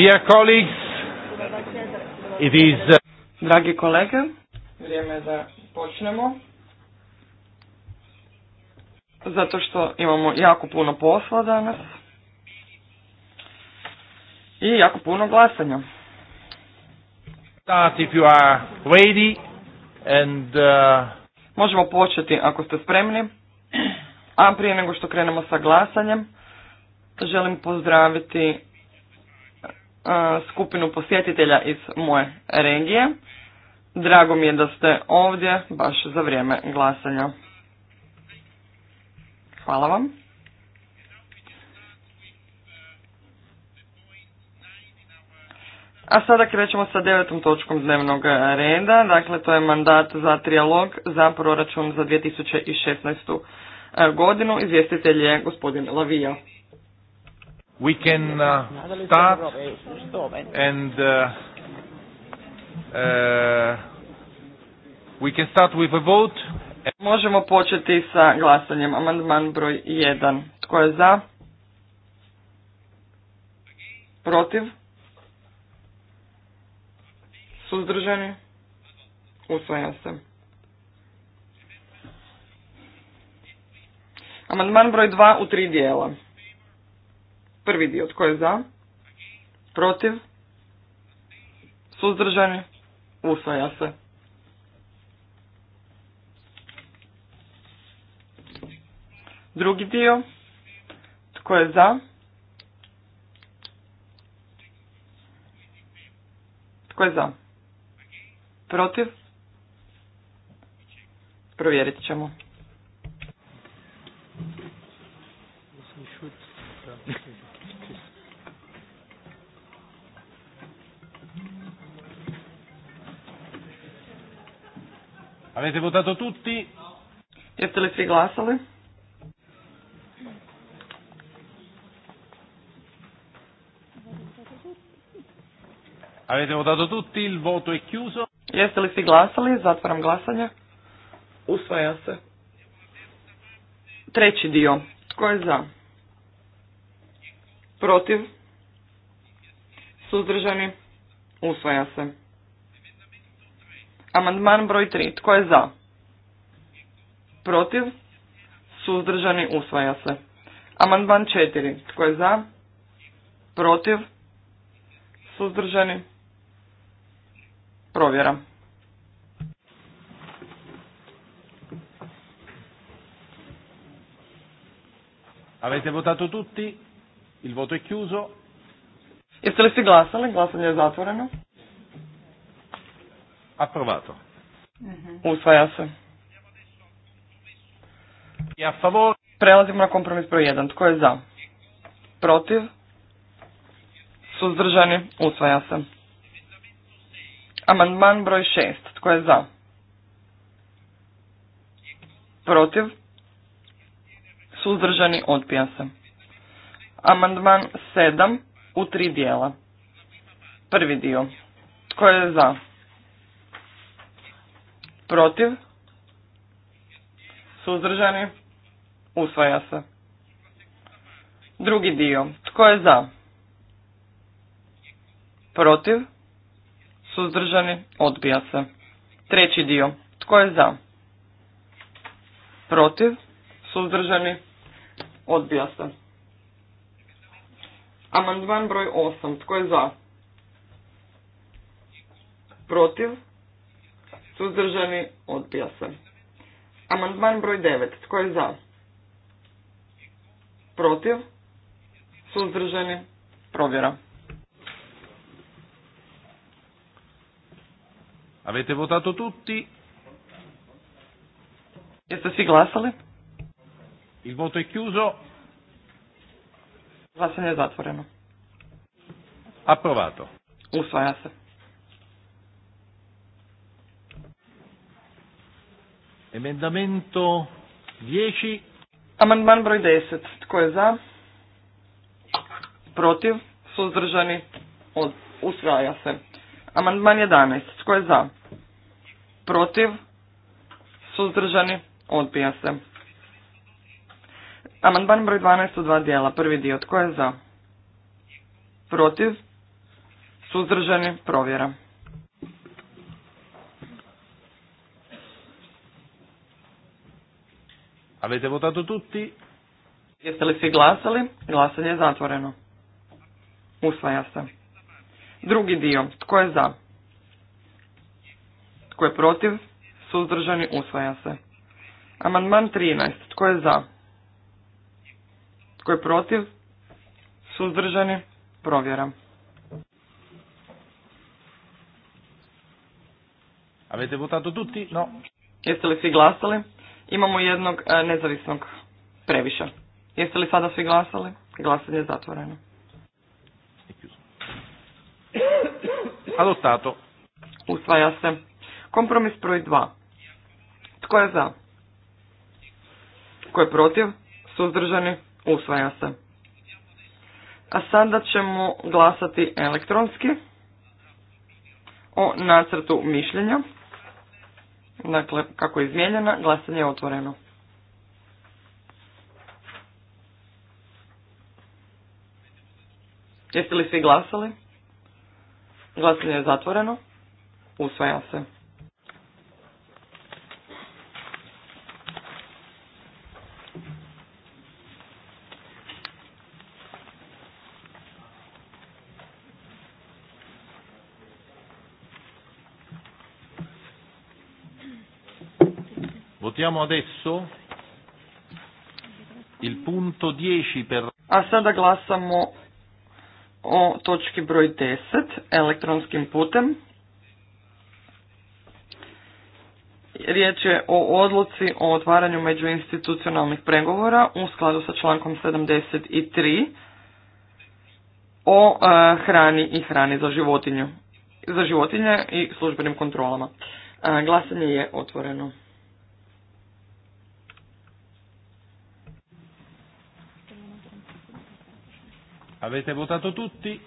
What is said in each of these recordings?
Dear colleagues, it is... Uh, Dragi kolege, vrijeme da počnemo. Zato što imamo jako puno posla danas. I jako puno glasanja. Start if you are ready and... Uh, Možemo početi ako ste spremni. A prije nego što krenemo sa glasanjem, želim pozdraviti E, skupinu posjetitelja iz moje regije. Drago mi je da ste ovdje baš za vrijeme glasanja. Hvala vam. A sada krećemo sa devetom točkom dnevnog reda, dakle to je mandat za trijalog za proračun za 2016. E, godinu. Izvjestitelj je gospodin Lavija we can uh, start and uh, uh, we can start with a vote. Možemo početi sa glasanjem. Amandman broj 1. Tko je za? Protiv? Suzdržani? Usvaja se. Amandman broj 2 u tri dijela. Prvi dio tko je za? Protiv? Suzdržani? Usvaja se. Drugi dio. Tko je za? Tko je za? Protiv? Provjerit ćemo. Avete votato tutti? Jeste li svi glasali? Avete votato tutti? Il voto è chiuso. Jeste li svi glasali? Zatvaram glasanje. Usvaja se. Treći dio. Tko je za? Protiv? Suzdržani? Usvaja se. Amandman broj 3. Tko je za? Protiv? Suzdržani usvaja se. Amandman 4. Tko je za? Protiv? Suzdržani? Provjera. Avete votato tutti? Il voto è chiuso. Jeste li svi glasali? Glasanje je zatvoreno. Approvato. Mhm. Usvaja se. Ja favor. Prelazimo na kompromis broj 1. Tko je za? Protiv? Suzdržani? Usvaja se. Amandman broj 6. Tko je za? Protiv? Suzdržani? Odpija se. Amandman 7 u tri dijela. Prvi dio. Tko je za? protiv, suzdržani, usvaja se. Drugi dio, tko je za, protiv, suzdržani, odbija se. Treći dio, tko je za, protiv, suzdržani, odbija se. Amandman broj 8, tko je za, protiv, Suzdržani? Odbija se. Amandman broj 9. Tko je za? Protiv? Suzdržani? Provjera. Avete votato tutti? Jeste svi glasali? Il voto è chiuso. Glasanje je zatvoreno. Approvato. Usvaja se. Emendamento 10. Amandman broj 10. Tko je za? Protiv? Suzdržani? Od, usvaja se. Amandman 11. Tko je za? Protiv? Suzdržani? Odbija se. Amandman broj 12 u dva dijela. Prvi dio. Tko je za? Protiv? Suzdržani? Provjera. Avete votato tutti? Jeste li svi glasali? Glasanje je zatvoreno. Usvaja se. Drugi dio. Tko je za? Tko je protiv? Suzdržani usvaja se. Amandman 13. Tko je za? Tko je protiv? Suzdržani? Provjeram. Avete votato tutti? No. Jeste li svi glasali? Imamo jednog e, nezavisnog previša. Jeste li sada svi glasali? Glasanje je zatvoreno. Adottato. Usvaja se. Kompromis broj 2. Tko je za? Tko je protiv? Suzdržani? Usvaja se. A sada ćemo glasati elektronski o nacrtu mišljenja. Dakle, kako je izmijenjena, glasanje je otvoreno. Jeste li svi glasali? Glasanje je zatvoreno. Usvaja se. Imamo adesso il punto 10 per... A sada glasamo o točki broj 10 elektronskim putem. Riječ je o odluci o otvaranju međuinstitucionalnih pregovora u skladu sa člankom 73 o e, hrani i hrani za životinju, za životinje i službenim kontrolama. E, glasanje je otvoreno. Avete votato tutti?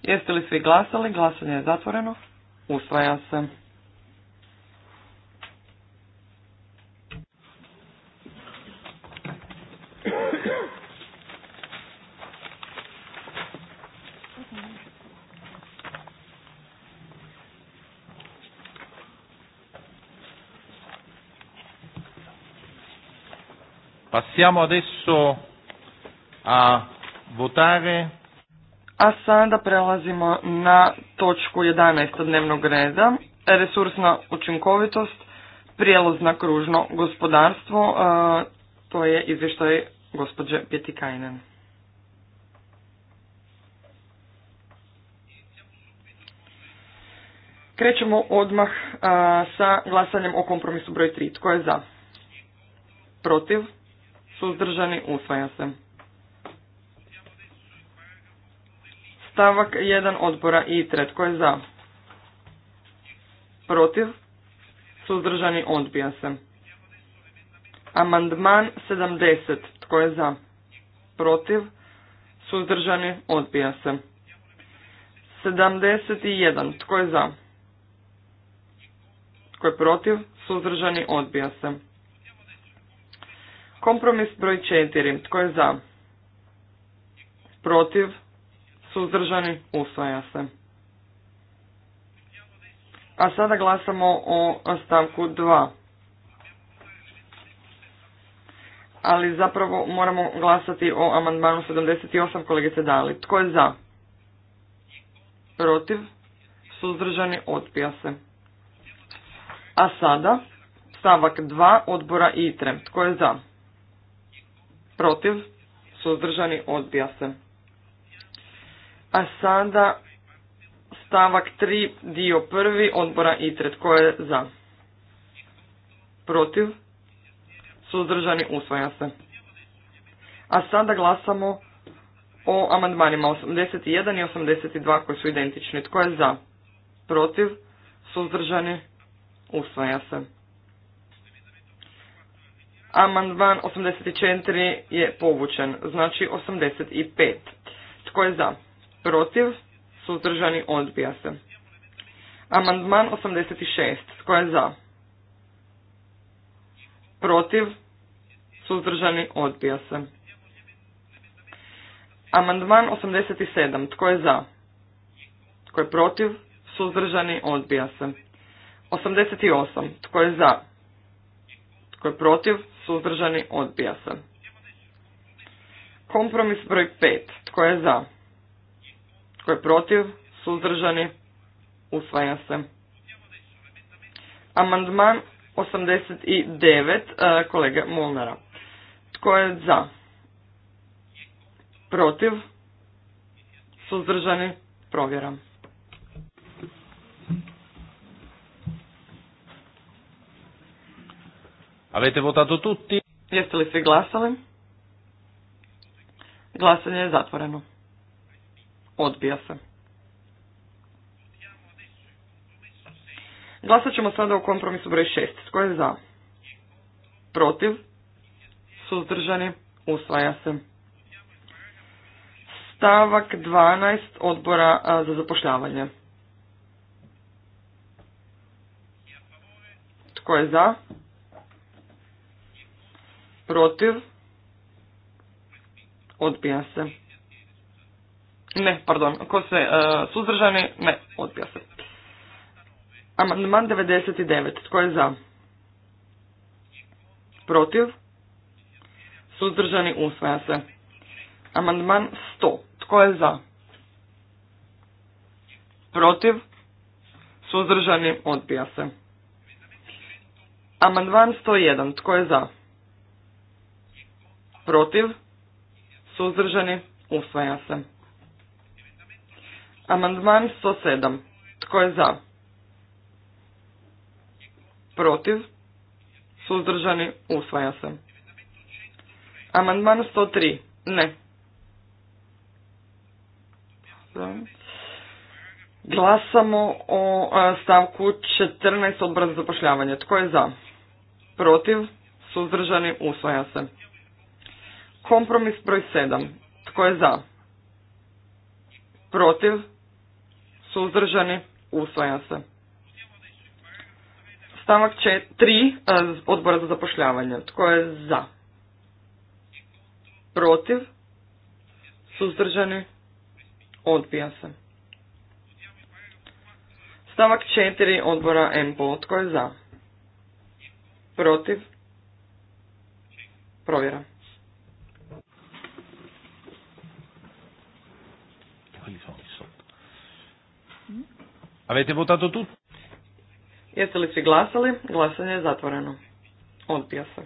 Jeste li svi glasali? Glasanje je zatvoreno. Usvaja se. Passiamo adesso a votare. A sada prelazimo na točku 11. dnevnog reda. Resursna učinkovitost, prijelaz na kružno gospodarstvo. To je izvještaj gospođe Pjetikajnen. Krećemo odmah sa glasanjem o kompromisu broj 3. Tko je za? Protiv? Suzdržani? Usvaja se. Stavak 1 odbora i e Tko je za? Protiv? Suzdržani odbija se. Amandman 70. Tko je za? Protiv? Suzdržani odbija se. 71. Tko je za? Tko je protiv? Suzdržani odbija se. Kompromis broj 4. Tko je za? Protiv? suzdržani, usvaja se. A sada glasamo o stavku 2. Ali zapravo moramo glasati o amandmanu 78 kolegice Dali. Tko je za? Protiv? Suzdržani odpija se. A sada stavak 2 odbora ITRE. Tko je za? Protiv? Suzdržani odbija se. A sada stavak 3, dio prvi, odbora ITRE. Tko je za? Protiv? Suzdržani usvaja se. A sada glasamo o amandmanima 81 i 82 koji su identični. Tko je za? Protiv? Suzdržani? Usvaja se. Amandman 84 je povučen, znači 85. Tko je za? protiv, suzdržani, odbija se. Amandman 86. Tko je za? Protiv, suzdržani, odbija se. Amandman 87. Tko je za? Tko je protiv? Suzdržani, odbija se. 88. Tko je za? Tko je protiv? Suzdržani, odbija se. Kompromis broj 5. Tko je za? Tko je protiv? Suzdržani? Usvaja se. Amandman 89 e, kolege Molnara. Tko je za? Protiv? Suzdržani? Provjeram. Avete votato tutti? Jeste li svi glasali? Glasanje je zatvoreno. Odbija se. Glasat ćemo sada o kompromisu broj šest. Tko je za? Protiv? Suzdržani? Usvaja se. Stavak 12 odbora za zapošljavanje. Tko je za? Protiv? Odbija se. Ne, pardon. Ko se e, suzdržani? Ne, odbija se. Amandman 99. Tko je za? Protiv? Suzdržani usvaja se. Amandman 100. Tko je za? Protiv? Suzdržani odbija se. Amandman 101. Tko je za? Protiv? Suzdržani usvaja se. Amandman 107. Tko je za? Protiv? Suzdržani? Usvaja se. Amandman 103. Ne. Glasamo o stavku 14 odbora za zapošljavanje. Tko je za? Protiv? Suzdržani? Usvaja se. Kompromis broj 7. Tko je za? Protiv? suzdržani, usvaja se. Stavak 3 e, odbora za zapošljavanje. Tko je za? Protiv? Suzdržani? Odbija se. Stavak 4 odbora MPO. Tko je za? Protiv? Provjera. Avete votato tu Jeste li svi glasali? Glasanje je zatvoreno. Odbija se.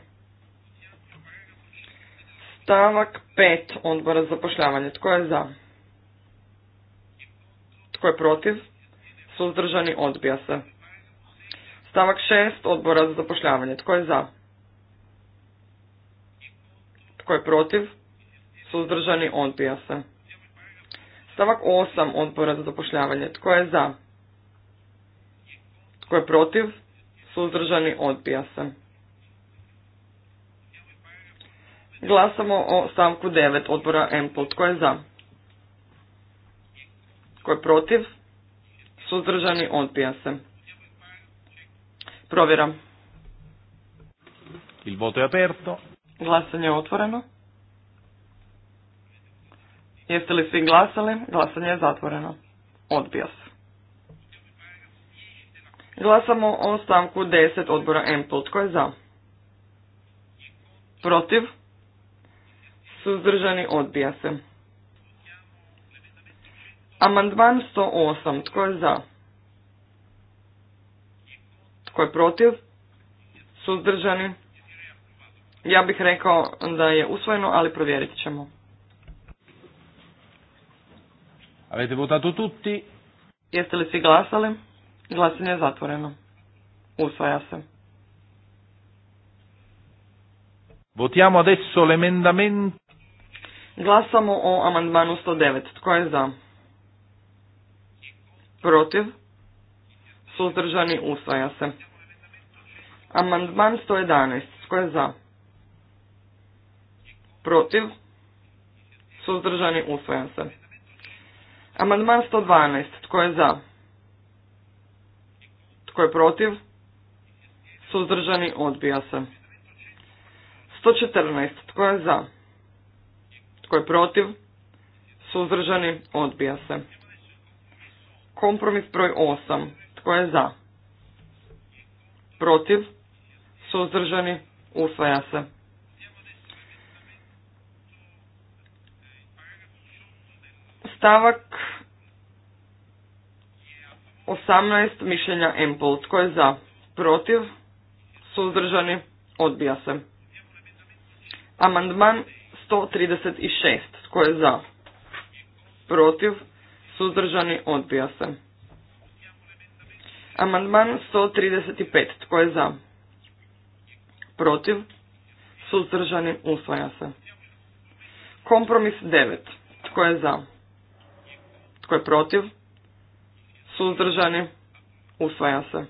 Stavak 5 odbora za zapošljavanje. Tko je za? Tko je protiv? Suzdržani odbija se. Stavak 6 odbora za zapošljavanje. Tko je za? Tko je protiv? Suzdržani odbija se. Stavak 8 odbora za zapošljavanje. Tko je za? Tko je protiv? Suzdržani odbija se. Glasamo o stavku 9 odbora MPL. Tko je za? Tko je protiv? Suzdržani odbija se. Provjera. Il voto je aperto. Glasanje je otvoreno. Jeste li svi glasali? Glasanje je zatvoreno. Odbija se. Glasamo o stavku 10 odbora MPL. Tko je za? Protiv? Suzdržani odbija se. Amandman 108. Tko je za? Tko je protiv? Suzdržani? Ja bih rekao da je usvojeno, ali provjeriti ćemo. Avete votato tutti? Jeste li svi glasali? Glasanje je zatvoreno. Usvaja se. Votiamo adesso l'emendamento. Glasamo o amandmanu 109. Tko je za? Protiv? Suzdržani usvaja se. Amandman 111. Tko je za? Protiv? Suzdržani usvaja se. Amandman 112. Tko je za? Tko je protiv? Suzdržani odbija se. 114. Tko je za? Tko je protiv? Suzdržani odbija se. Kompromis broj 8. Tko je za? Protiv? Suzdržani usvaja se. Stavak Osamnaest mišljenja MPL. Tko je za? Protiv? Suzdržani? Odbija se. Amandman 136. Tko je za? Protiv? Suzdržani? Odbija se. Amandman 135. Tko je za? Protiv? Suzdržani? Usvaja se. Kompromis 9. Tko je za? Tko je protiv? suzdržani, usvaja se.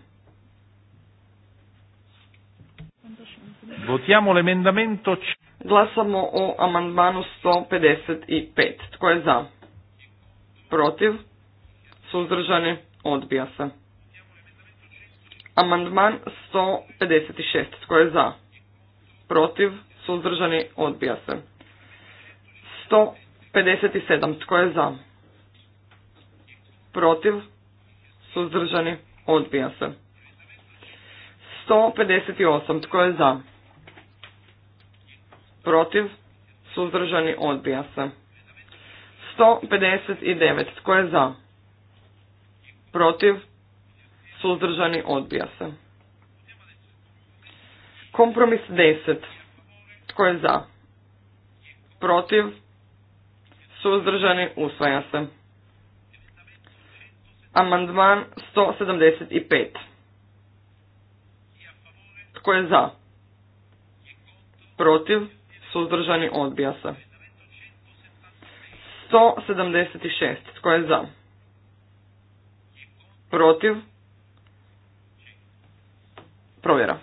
Votiamo l'emendamento... Glasamo o amandmanu 155. Tko je za? Protiv? Suzdržani? Odbija se. Amandman 156. Tko je za? Protiv? Suzdržani? Odbija se. 157. Tko je za? Protiv? Suzdržani? Odbija se. 158. Tko je za? Protiv? Suzdržani? Odbija se. 159. Tko je za? Protiv? Suzdržani? Odbija se. Kompromis 10. Tko je za? Protiv? Suzdržani? Usvaja se. Amandman 175. Tko je za? Protiv? Suzdržani odbija se. 176. Tko je za? Protiv? Provjera.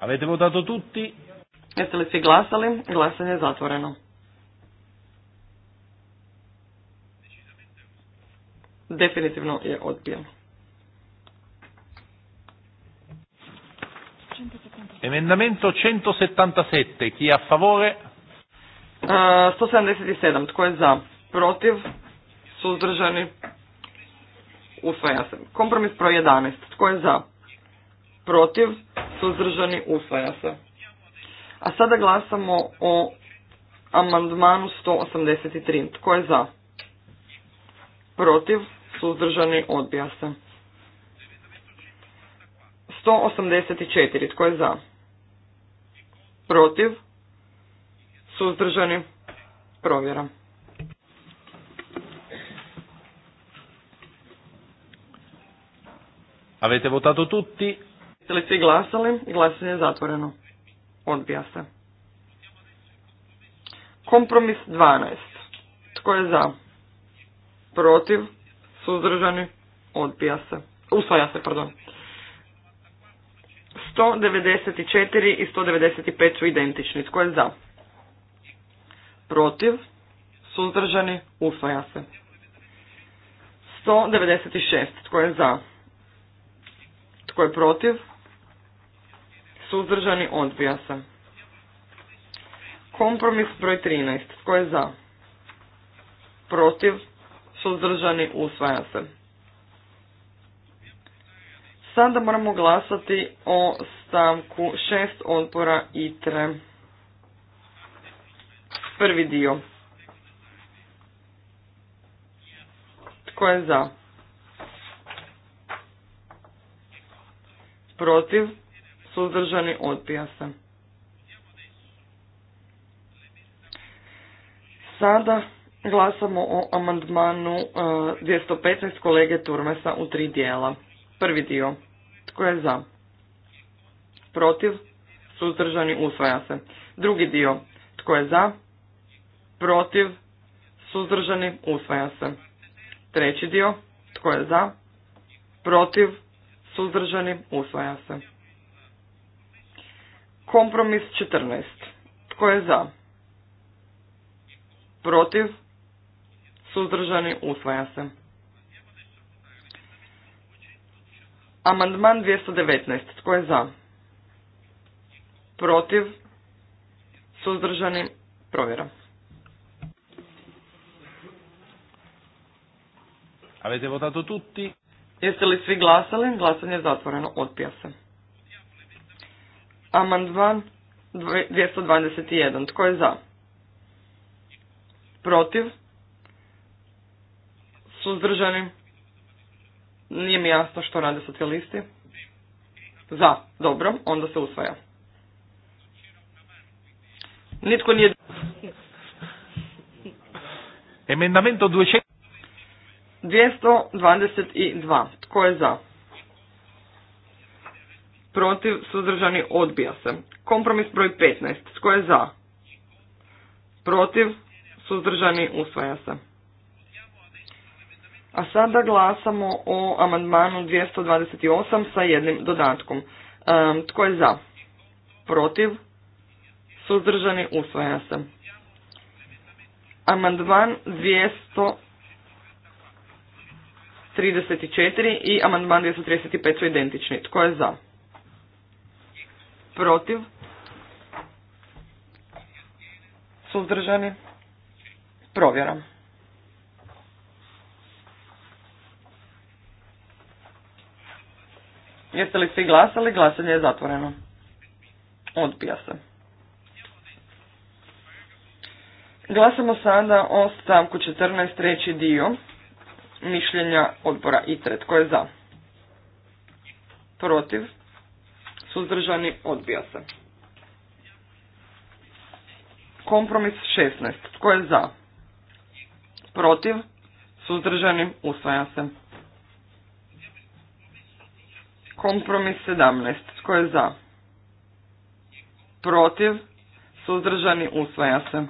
Avete votato tutti? Jeste li svi glasali? Glasanje je zatvoreno. Definitivno je odbijen. Emendamento 177, chi è a favore? 177, tko je za? Protiv? Suzdržani? Usvaja se. Kompromis pro 11, tko je za? Protiv? Suzdržani? Usvaja se. A sada glasamo o amandmanu 183. Tko je za? Protiv? Suzdržani? Odbija se. 184. Tko je za? Protiv? Suzdržani? Provjera. Avete votato tutti? Jeste li svi glasali? Glasanje je zatvoreno. Odbija se. Kompromis 12. Tko je za? Protiv? Suzdržani? Odbija se. Usvaja se, pardon. 194 i 195 su identični. Tko je za? Protiv? Suzdržani? Usvaja se. 196. Tko je za? Tko je protiv? suzdržani, odbija se. Kompromis broj 13. Tko je za? Protiv, suzdržani, usvaja se. Sada moramo glasati o stavku 6 odpora ITRE. Prvi dio. Tko je za? Protiv? suzdržani, odbija se. Sada glasamo o amandmanu 215 e, kolege Turmesa u tri dijela. Prvi dio. Tko je za? Protiv? Suzdržani usvaja se. Drugi dio. Tko je za? Protiv? Suzdržani usvaja se. Treći dio. Tko je za? Protiv? Suzdržani usvaja se. Kompromis 14. Tko je za? Protiv? Suzdržani? Usvaja se. Amandman 219. Tko je za? Protiv? Suzdržani? Provjera. Avete votato tutti? Jeste li svi glasali? Glasanje je zatvoreno. Odpija se. Amandman 221. Tko je za? Protiv? Suzdržani? Nije mi jasno što rade socijalisti. Za. Dobro. Onda se usvaja. Nitko nije... Emendamento 222. Tko je za? protiv, suzdržani, odbija se. Kompromis broj 15. Tko je za? Protiv, suzdržani, usvaja se. A sada glasamo o amandmanu 228 sa jednim dodatkom. Tko je za? Protiv, suzdržani, usvaja se. Amandman 234 i amandman 235 su identični. Tko je za? protiv, suzdržani, provjeram. Jeste li svi glasali? Glasanje je zatvoreno. Odbija se. Glasamo sada o stavku 14. treći dio mišljenja odbora ITRE. Tko je za? Protiv? suzdržani, odbija se. Kompromis 16. Tko je za? Protiv, suzdržani, usvaja se. Kompromis 17. Tko je za? Protiv, suzdržani, usvaja se.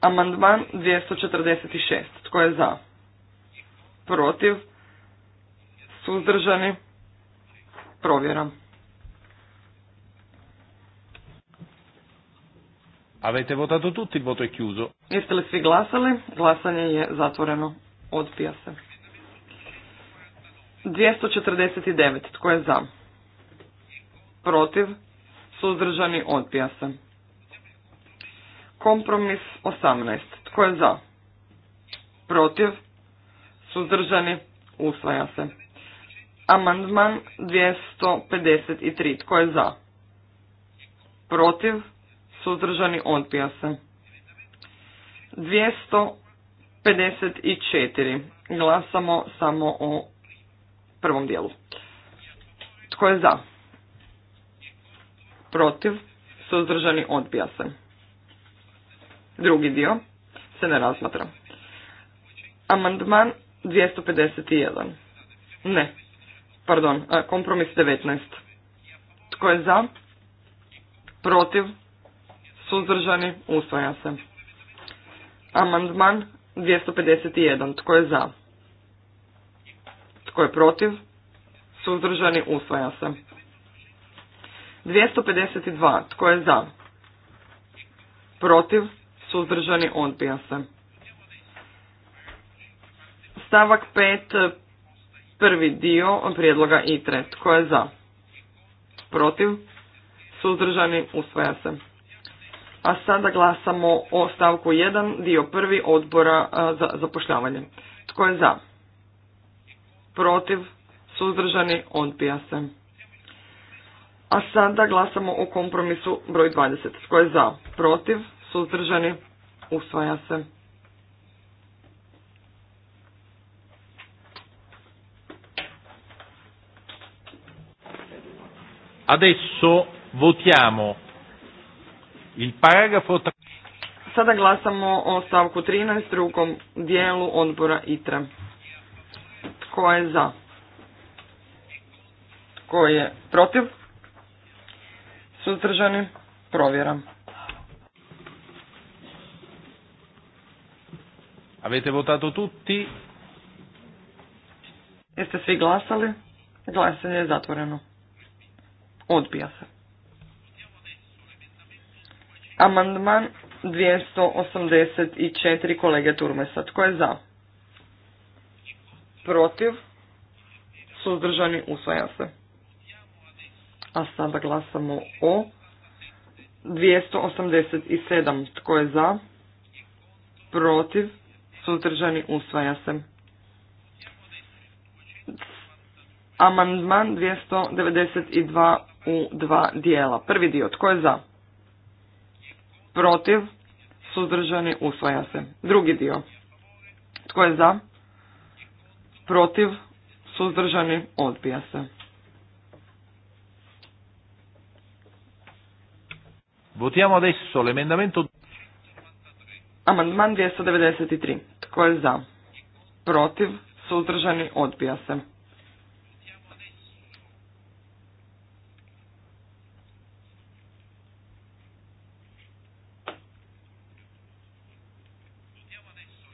Amandman 246. Tko je za? Protiv, suzdržani, Provjeram. Avete votato tutti, voto è chiuso. Jeste li svi glasali? Glasanje je zatvoreno. Odpija se. 249. Tko je za? Protiv? Suzdržani? Odpija se. Kompromis 18. Tko je za? Protiv? Suzdržani? Usvaja se. Amandman 253. Tko je za? Protiv? Suzdržani odbija se. 254. Glasamo samo o prvom dijelu. Tko je za? Protiv? Suzdržani odbija se. Drugi dio se ne razmatra. Amandman 251. Ne, pardon, e, kompromis 19. Tko je za? Protiv? Suzdržani? Usvaja se. Amandman 251. Tko je za? Tko je protiv? Suzdržani? Usvaja se. 252. Tko je za? Protiv? Suzdržani? Odbija se. Stavak 5 prvi dio prijedloga ITRE. Tko je za? Protiv? Suzdržani? Usvaja se. A sada glasamo o stavku 1, dio prvi odbora za zapošljavanje. Tko je za? Protiv? Suzdržani? Odbija se. A sada glasamo o kompromisu broj 20. Tko je za? Protiv? Suzdržani? Usvaja se. Adesso votiamo il paragrafo Sada glasamo o stavku 13, drugom dijelu odbora ITRA. Tko je za? Tko je protiv? Suzdržani? Provjeram. Avete votato tutti? Jeste svi glasali? Glasanje je zatvoreno. Odbija se. Amandman 284 kolege Turmesa. Tko je za? Protiv? Suzdržani usvaja se. A sada glasamo o 287. Tko je za? Protiv? Suzdržani usvaja se. Amandman 292 u dva dijela. Prvi dio, tko je za? Protiv, suzdržani, usvaja se. Drugi dio, tko je za? Protiv, suzdržani, odbija se. Votiamo adesso l'emendamento... Amandman 293. Tko je za? Protiv, suzdržani, odbija se.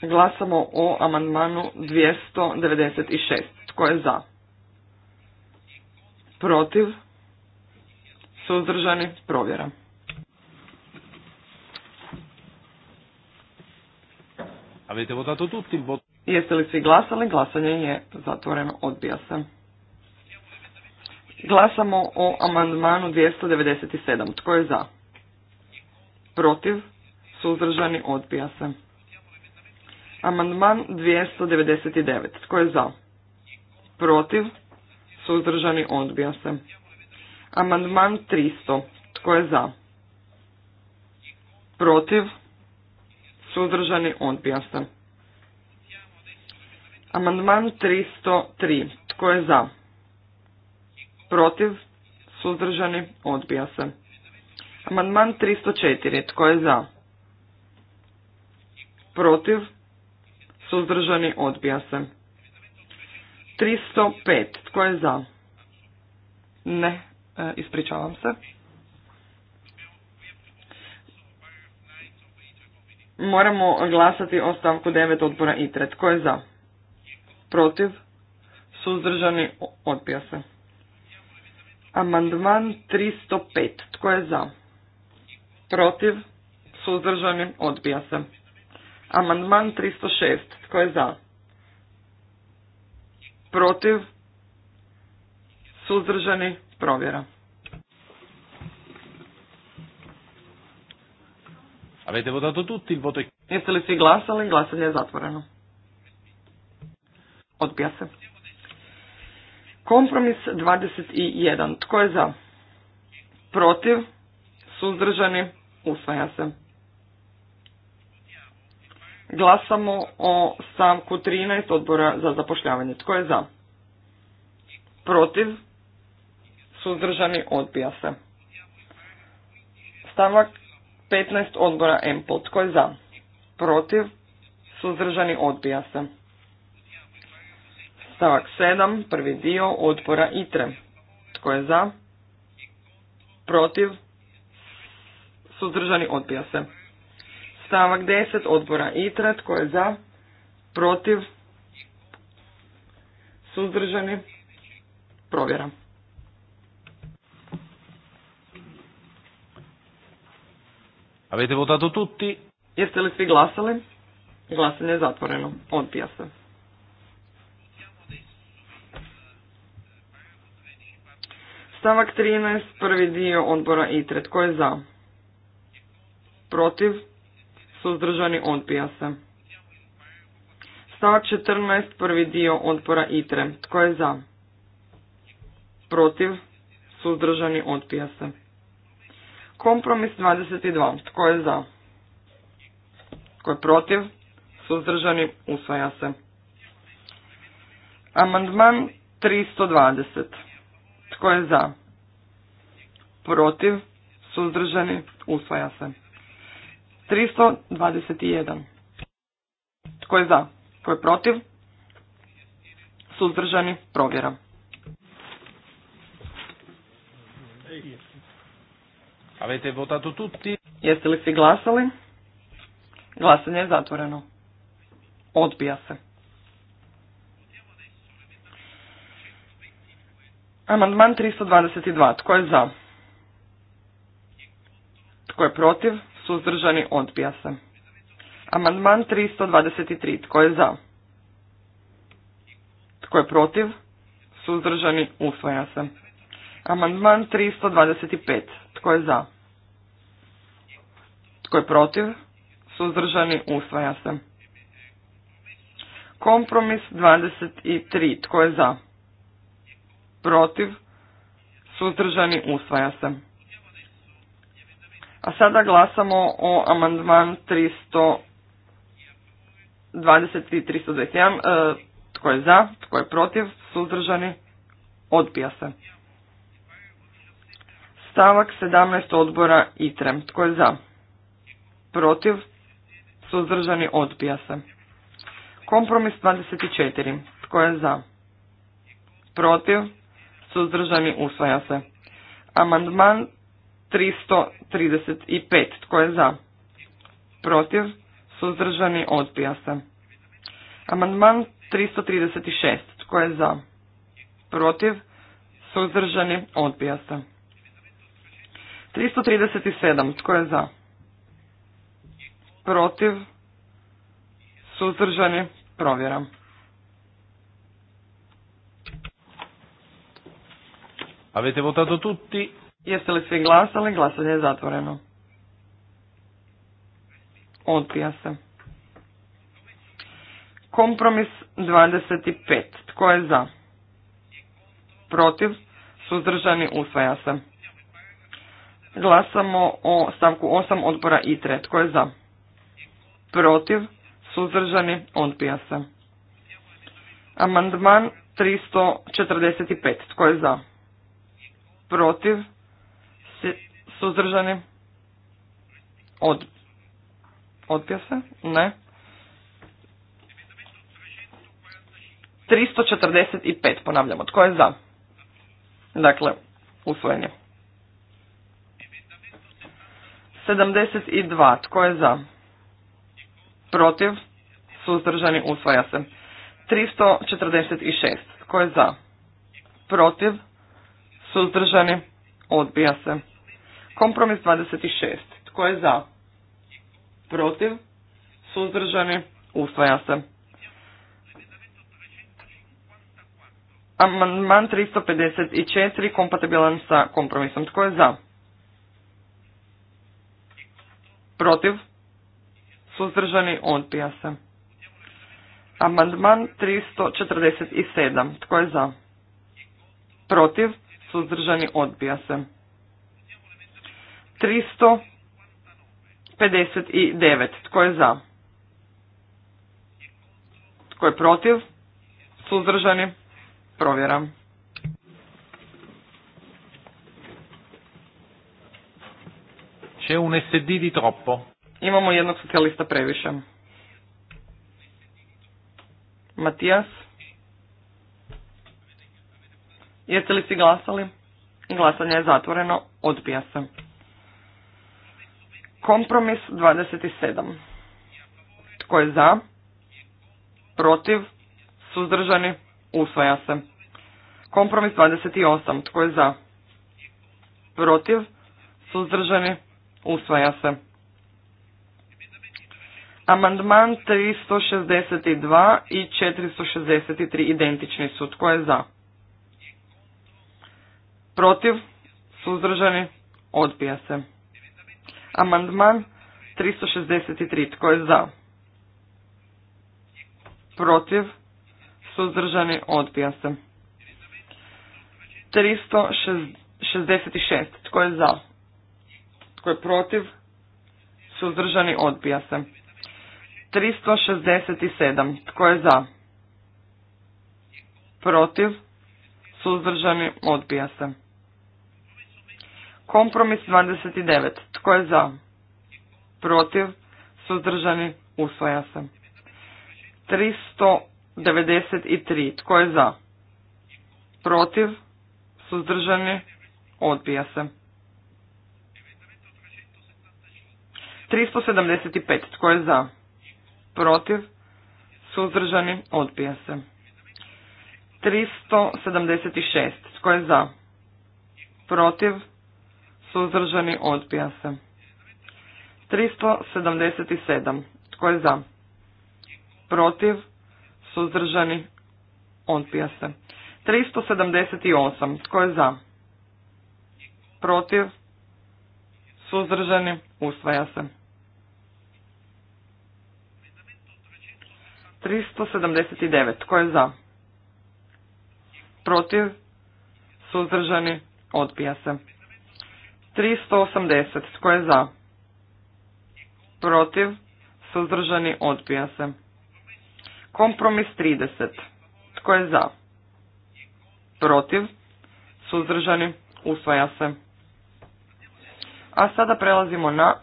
Glasamo o amandmanu 296. Tko je za? Protiv? Suzdržani? Provjera. Avete votato Jeste li svi glasali? Glasanje je zatvoreno. Odbija se. Glasamo o amandmanu 297. Tko je za? Protiv? Suzdržani? Odbija se. Amandman 299. Tko je za? Protiv? Suzdržani odbija se. Amandman 300. Tko je za? Protiv? Suzdržani odbija se. Amandman 303. Tko je za? Protiv? Suzdržani odbija se. Amandman 304. Tko je za? Protiv? suzdržani, odbija se. 305. Tko je za? Ne, e, ispričavam se. Moramo glasati o stavku 9 odbora ITRE. Tko je za? Protiv? Suzdržani? Odbija se. Amandman 305. Tko je za? Protiv? Suzdržani? Odbija se. Amandman 306. Tko je za? Protiv? Suzdržani? Provjera. Avete votato tutti il voto è... Jeste li svi glasali? Glasanje je zatvoreno. Odbija se. Kompromis 21. Tko je za? Protiv? Suzdržani? Usvaja se. Glasamo o stavku 13 odbora za zapošljavanje. Tko je za? Protiv? Suzdržani odbija se. Stavak 15 odbora MPL. Tko je za? Protiv? Suzdržani odbija se. Stavak 7. Prvi dio odbora ITRE. Tko je za? Protiv? Suzdržani odbija se. Stavak 10 odbora ITRA, tko je za, protiv, suzdržani, provjera. Avete votato tutti? Jeste li svi glasali? Glasanje je zatvoreno. Odbija se. Stavak 13, prvi dio odbora ITRE. Tko je za? Protiv? suzdržani, odbija se. Stavak 14, prvi dio odpora ITRE. Tko je za? Protiv, suzdržani, odbija se. Kompromis 22. Tko je za? Tko je protiv? Suzdržani, usvaja se. Amandman 320. Tko je za? Protiv, suzdržani, usvaja se. 321. Tko je za? Tko je protiv? Suzdržani? Provjera. Avete votato tutti? Jeste li svi glasali? Glasanje je zatvoreno. Odbija se. Amandman 322. Tko je za? Tko je protiv? suzdržani, odbija se. Amandman 323. Tko je za? Tko je protiv? Suzdržani, usvaja se. Amandman 325. Tko je za? Tko je protiv? Suzdržani, usvaja se. Kompromis 23. Tko je za? Protiv? Suzdržani, usvaja se. A sada glasamo o amandman 320 i 321. E, tko je za, tko je protiv, suzdržani, odbija se. Stavak 17 odbora ITRE. Tko je za? Protiv, suzdržani, odbija se. Kompromis 24. Tko je za? Protiv, suzdržani, usvaja se. Amandman 335. Tko je za? Protiv? Suzdržani? Odbija se. Amandman 336. Tko je za? Protiv? Suzdržani? Odbija se. 337. Tko je za? Protiv? Suzdržani? Provjeram. Avete votato tutti? Jeste li svi glasali? Glasanje je zatvoreno. Odbija se. Kompromis 25. Tko je za? Protiv? Suzdržani usvaja se. Glasamo o stavku 8 odbora 3. Tko je za? Protiv? Suzdržani odbija se. Amandman 345. Tko je za? Protiv? Suzdržani? Od... Odbija se? Ne. 345, ponavljamo. Tko je za? Dakle, usvojen je. 72, tko je za? Protiv? Suzdržani usvaja se. 346, tko je za? Protiv? Suzdržani odbija se. Kompromis 26. Tko je za? Protiv? Suzdržani? Usvaja se. Amandman 354 kompatibilan sa kompromisom. Tko je za? Protiv? Suzdržani? Odpija se. Amandman 347. Tko je za? Protiv? Suzdržani? Odpija se. 359. Tko je za? Tko je protiv? Suzdržani? Provjeram. C'è un SD di troppo. Imamo jednog socijalista previše. Matijas? Jeste li si glasali? Glasanje je zatvoreno. Odbija se. Kompromis 27. Tko je za? Protiv? Suzdržani? Usvaja se. Kompromis 28. Tko je za? Protiv? Suzdržani? Usvaja se. Amandman 362 i 463 identični su. Tko je za? Protiv? Suzdržani? Odbija se. Amandman 363. Tko je za? Protiv? Suzdržani? Odbija se. 366. Tko je za? Tko je protiv? Suzdržani? Odbija se. 367. Tko je za? Protiv? Suzdržani? Odbija se. Kompromis 29. Tko je za? Protiv? Suzdržani? Usvaja se. 393. Tko je za? Protiv? Suzdržani? Odbija se. 375. Tko je za? Protiv? Suzdržani? Odbija se. 376. Tko je za? Protiv? Suzdržani odbija se. 377. Tko je za? Protiv? Suzdržani odbija se. 378. Tko je za? Protiv? Suzdržani usvaja se. 379. Tko je za? Protiv? Suzdržani odbija se. 380. Tko je za? Protiv? Suzdržani? Odbija se. Kompromis 30. Tko je za? Protiv? Suzdržani? Usvaja se. A sada prelazimo na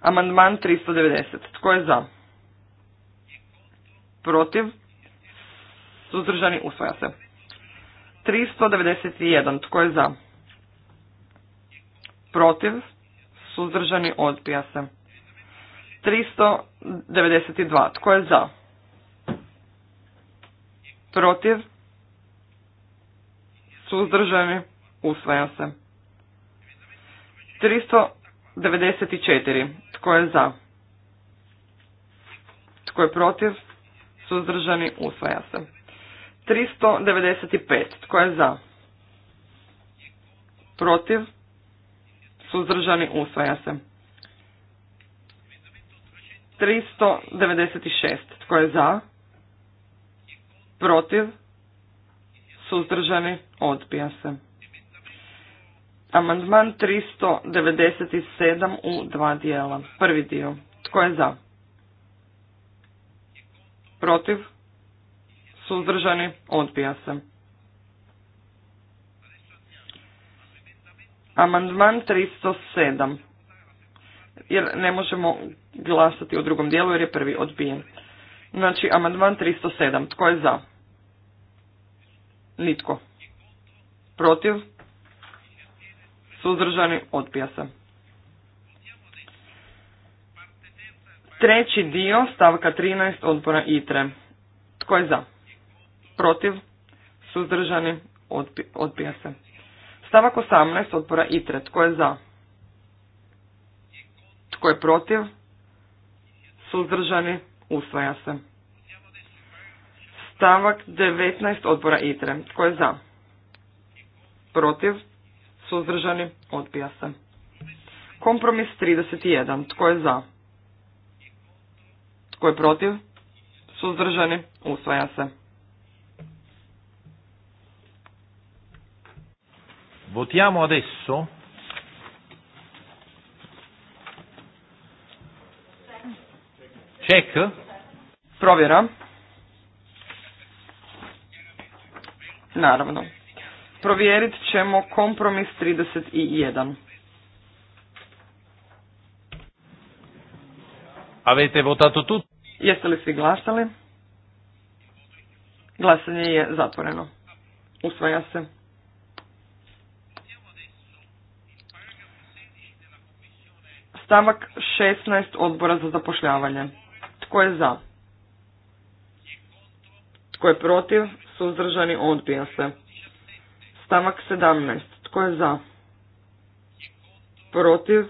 Amandman 390. Tko je za? Protiv? Suzdržani? Usvaja se. 391. Tko je za? Protiv? Suzdržani odbija se. 392. Tko je za? Protiv? Suzdržani usvaja se. 394. Tko je za? Tko je protiv? Suzdržani usvaja se. 395. Tko je za? Protiv? Suzdržani usvaja se. 396. Tko je za? Protiv? Suzdržani odbija se. Amandman 397 u dva dijela. Prvi dio. Tko je za? Protiv? suzdržani, odbija se. Amandman 307. Jer ne možemo glasati u drugom dijelu jer je prvi odbijen. Znači, amandman 307. Tko je za? Nitko. Protiv? Suzdržani? Odbija se. Treći dio stavka 13 odbora ITRE. Tko je za? protiv, suzdržani, odbija se. Stavak 18 odbora ITRE, tko je za? Tko je protiv? Suzdržani, usvaja se. Stavak 19 odbora ITRE, tko je za? Protiv, suzdržani, odbija se. Kompromis 31, tko je za? Tko je protiv? Suzdržani, usvaja se. Votiamo adesso Check. Provjera. Naravno. Provjerit ćemo kompromis 31. Avete votato tutti? Jeste li svi glasali? Glasanje je zatvoreno. Usvaja se. Stavak 16 odbora za zapošljavanje. Tko je za? Tko je protiv? Suzdržani odbija se. Stavak 17. Tko je za? Protiv?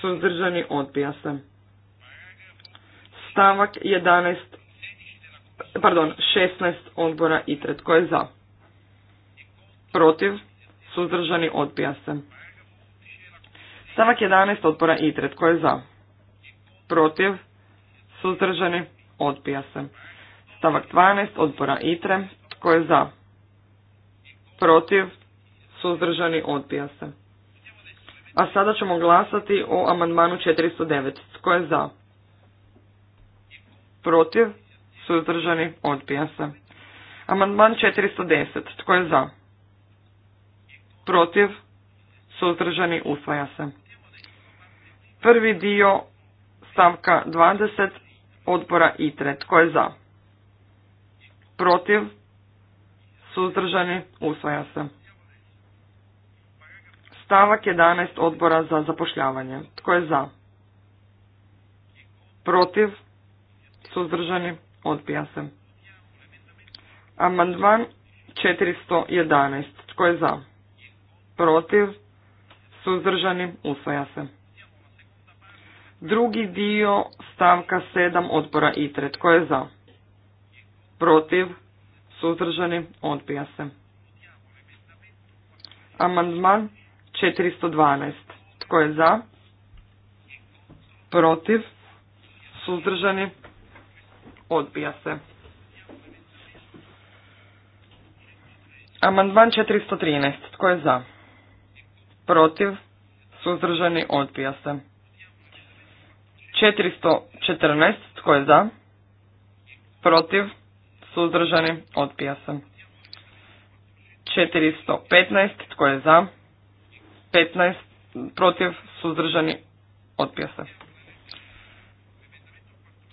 Suzdržani odbija se. Stavak 11. Pardon, 16 odbora i tko je za? Protiv? Suzdržani odbija se. Stavak 11 otpora ITRE. Tko je za? Protiv? Suzdržani? Odbija se. Stavak 12 odbora ITRE. Tko je za? Protiv? Suzdržani? Odbija se. A sada ćemo glasati o amandmanu 409. Tko je za? Protiv? Suzdržani? Odbija se. Amandman 410. Tko je za? Protiv? Suzdržani? Usvaja se prvi dio stavka 20 odbora ITRE. Tko je za? Protiv? Suzdržani? Usvaja se. Stavak 11 odbora za zapošljavanje. Tko je za? Protiv? Suzdržani? Odbija se. Amandman 411. Tko je za? Protiv? Suzdržani? Usvaja se. Drugi dio stavka 7 odbora ITRE. Tko je za? Protiv? Suzdržani? Odbija se. Amandman 412. Tko je za? Protiv? Suzdržani? Odbija se. Amandman 413. Tko je za? Protiv? Suzdržani? Odbija se. 414. Tko je za? Protiv? Suzdržani? Odbija se. 415. Tko je za? 15. Protiv? Suzdržani? Odbija se.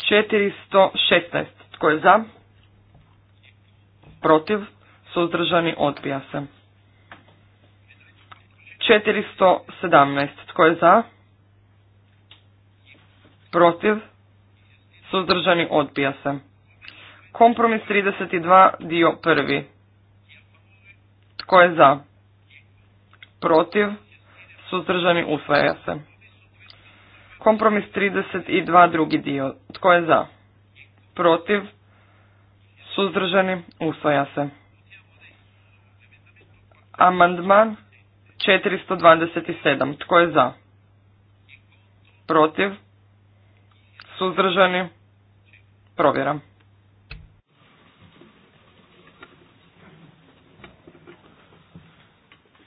416. Tko je za? Protiv? Suzdržani? Odbija se. 417. Tko je za? protiv, suzdržani, odbija se. Kompromis 32, dio prvi. Tko je za? Protiv, suzdržani, usvaja se. Kompromis 32, drugi dio. Tko je za? Protiv, suzdržani, usvaja se. Amandman 427. Tko je za? Protiv? Suzdržani? Provjera.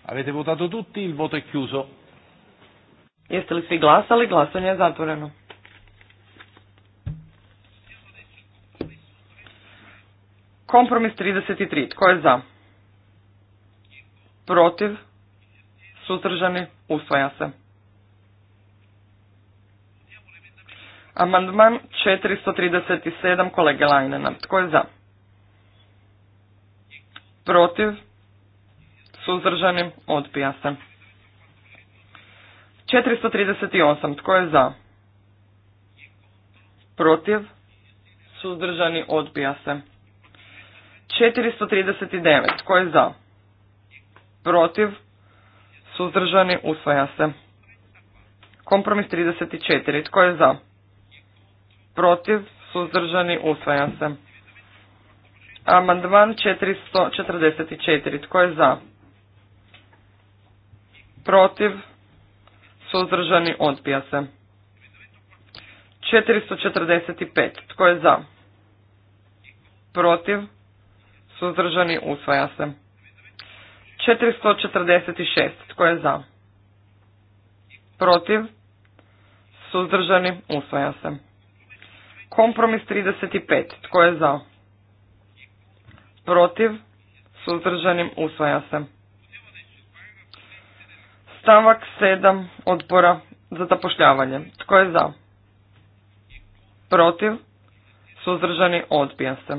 Avete votato tutti, il voto è chiuso. Jeste li svi glasali? Glasanje je zatvoreno. Kompromis 33. Tko je za? Protiv? Suzdržani? Usvaja se. Amandman 437 kolege Lajnena. Tko je za? Protiv? Suzdržani? odpija se. 438. Tko je za? Protiv? Suzdržani? odpija se. 439. Tko je za? Protiv? Suzdržani? Usvaja se. Kompromis 34. Tko je za? protiv, suzdržani, usvaja se. Amandman 444. Tko je za? Protiv, suzdržani, odbija se. 445. Tko je za? Protiv, suzdržani, usvaja se. 446. Tko je za? Protiv, suzdržani, usvaja se. Kompromis 35. Tko je za? Protiv? Suzdržanim usvaja se. Stavak 7. Odbora za zapošljavanje. Tko je za? Protiv? Suzdržani odbija se.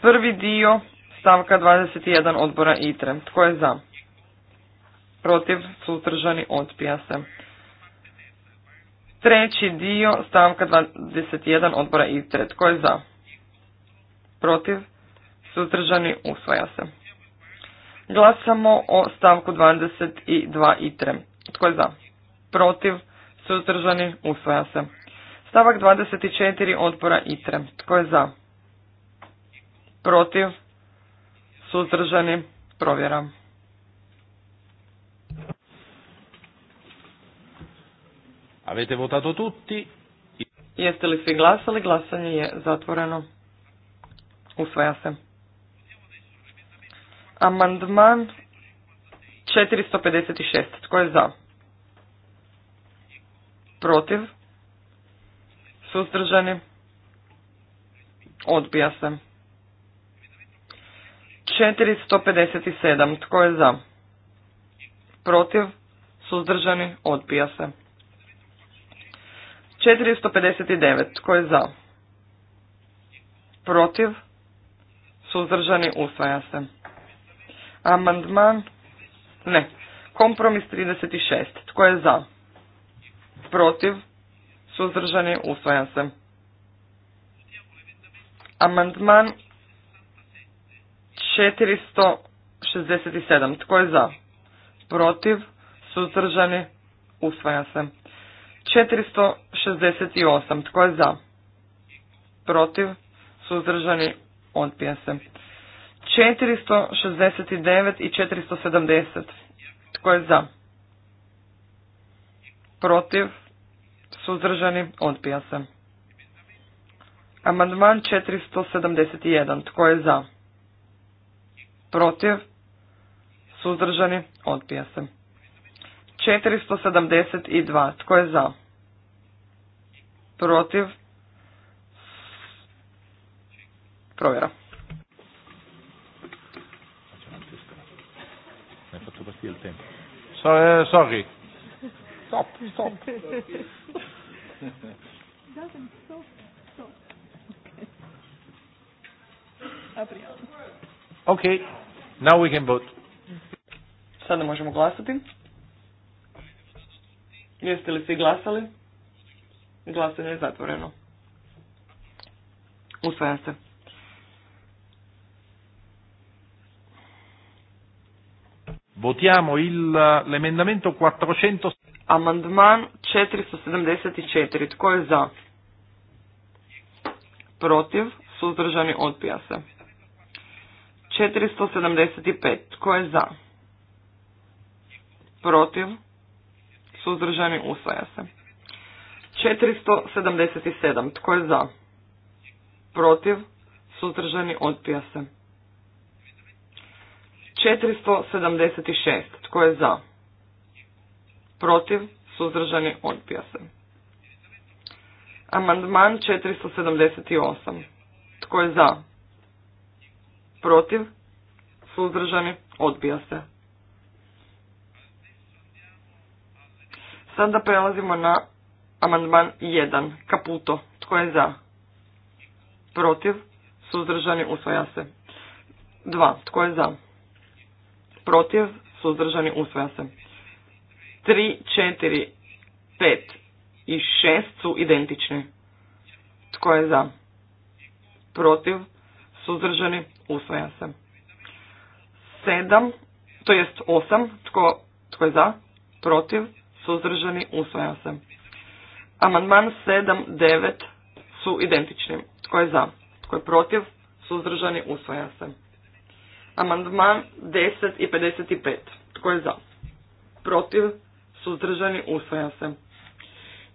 Prvi dio stavka 21 odbora ITRE. Tko je za? Protiv? Suzdržani odbija se. Treći dio stavka 21 odbora ITRE. Tko je za? Protiv? Suzdržani? Usvaja se. Glasamo o stavku 22 ITRE. Tko je za? Protiv? Suzdržani? Usvaja se. Stavak 24 odbora ITRE. Tko je za? Protiv? Suzdržani? Provjeram. Avete votato tutti? Jeste li svi glasali? Glasanje je zatvoreno. Usvaja se. Amandman 456. Tko je za? Protiv? Suzdržani? Odbija se. 457. Tko je za? Protiv? Suzdržani? Odbija se. 459. Tko je za? Protiv? Suzdržani? Usvaja se. Amandman? Ne. Kompromis 36. Tko je za? Protiv? Suzdržani? Usvaja se. Amandman 467. Tko je za? Protiv? Suzdržani? Usvaja se. 468. Tko je za? Protiv? Suzdržani? Odpija se. 469 i 470. Tko je za? Protiv? Suzdržani? Odpija se. Amandman 471. Tko je za? Protiv? Suzdržani? Odpija se. 472. Tko je za? Protiv? Provjera. Sorry, e, sorry. Stop, stop. Doesn't stop, stop. Apriamo. okay, now we can vote. Sada možemo glasati. Jeste li svi glasali? Glasanje je zatvoreno. Usvaja se. Votiamo l'emendamento 400. Amandman 474. Tko je za? Protiv? Suzdržani Otpija se. 475. Tko je za? Protiv? suzdržani, usvaja se. 477. Tko je za? Protiv, suzdržani, odpija se. 476. Tko je za? Protiv, suzdržani, odpija se. Amandman 478. Tko je za? Protiv, suzdržani, odbija se. Sada prelazimo na amandman 1. Kaputo. Tko je za? Protiv. Suzdržani usvaja se. 2. Tko je za? Protiv. Suzdržani usvaja se. 3, 4, 5 i 6 su identični. Tko je za? Protiv. Suzdržani usvaja se. 7. To jest 8. Tko, tko je za? Protiv suzdržani, usvaja se. Amandman 7, 9 su identični. Tko je za? Tko je protiv? Suzdržani, usvaja se. Amandman 10 i 55. Tko je za? Protiv? Suzdržani, usvaja se.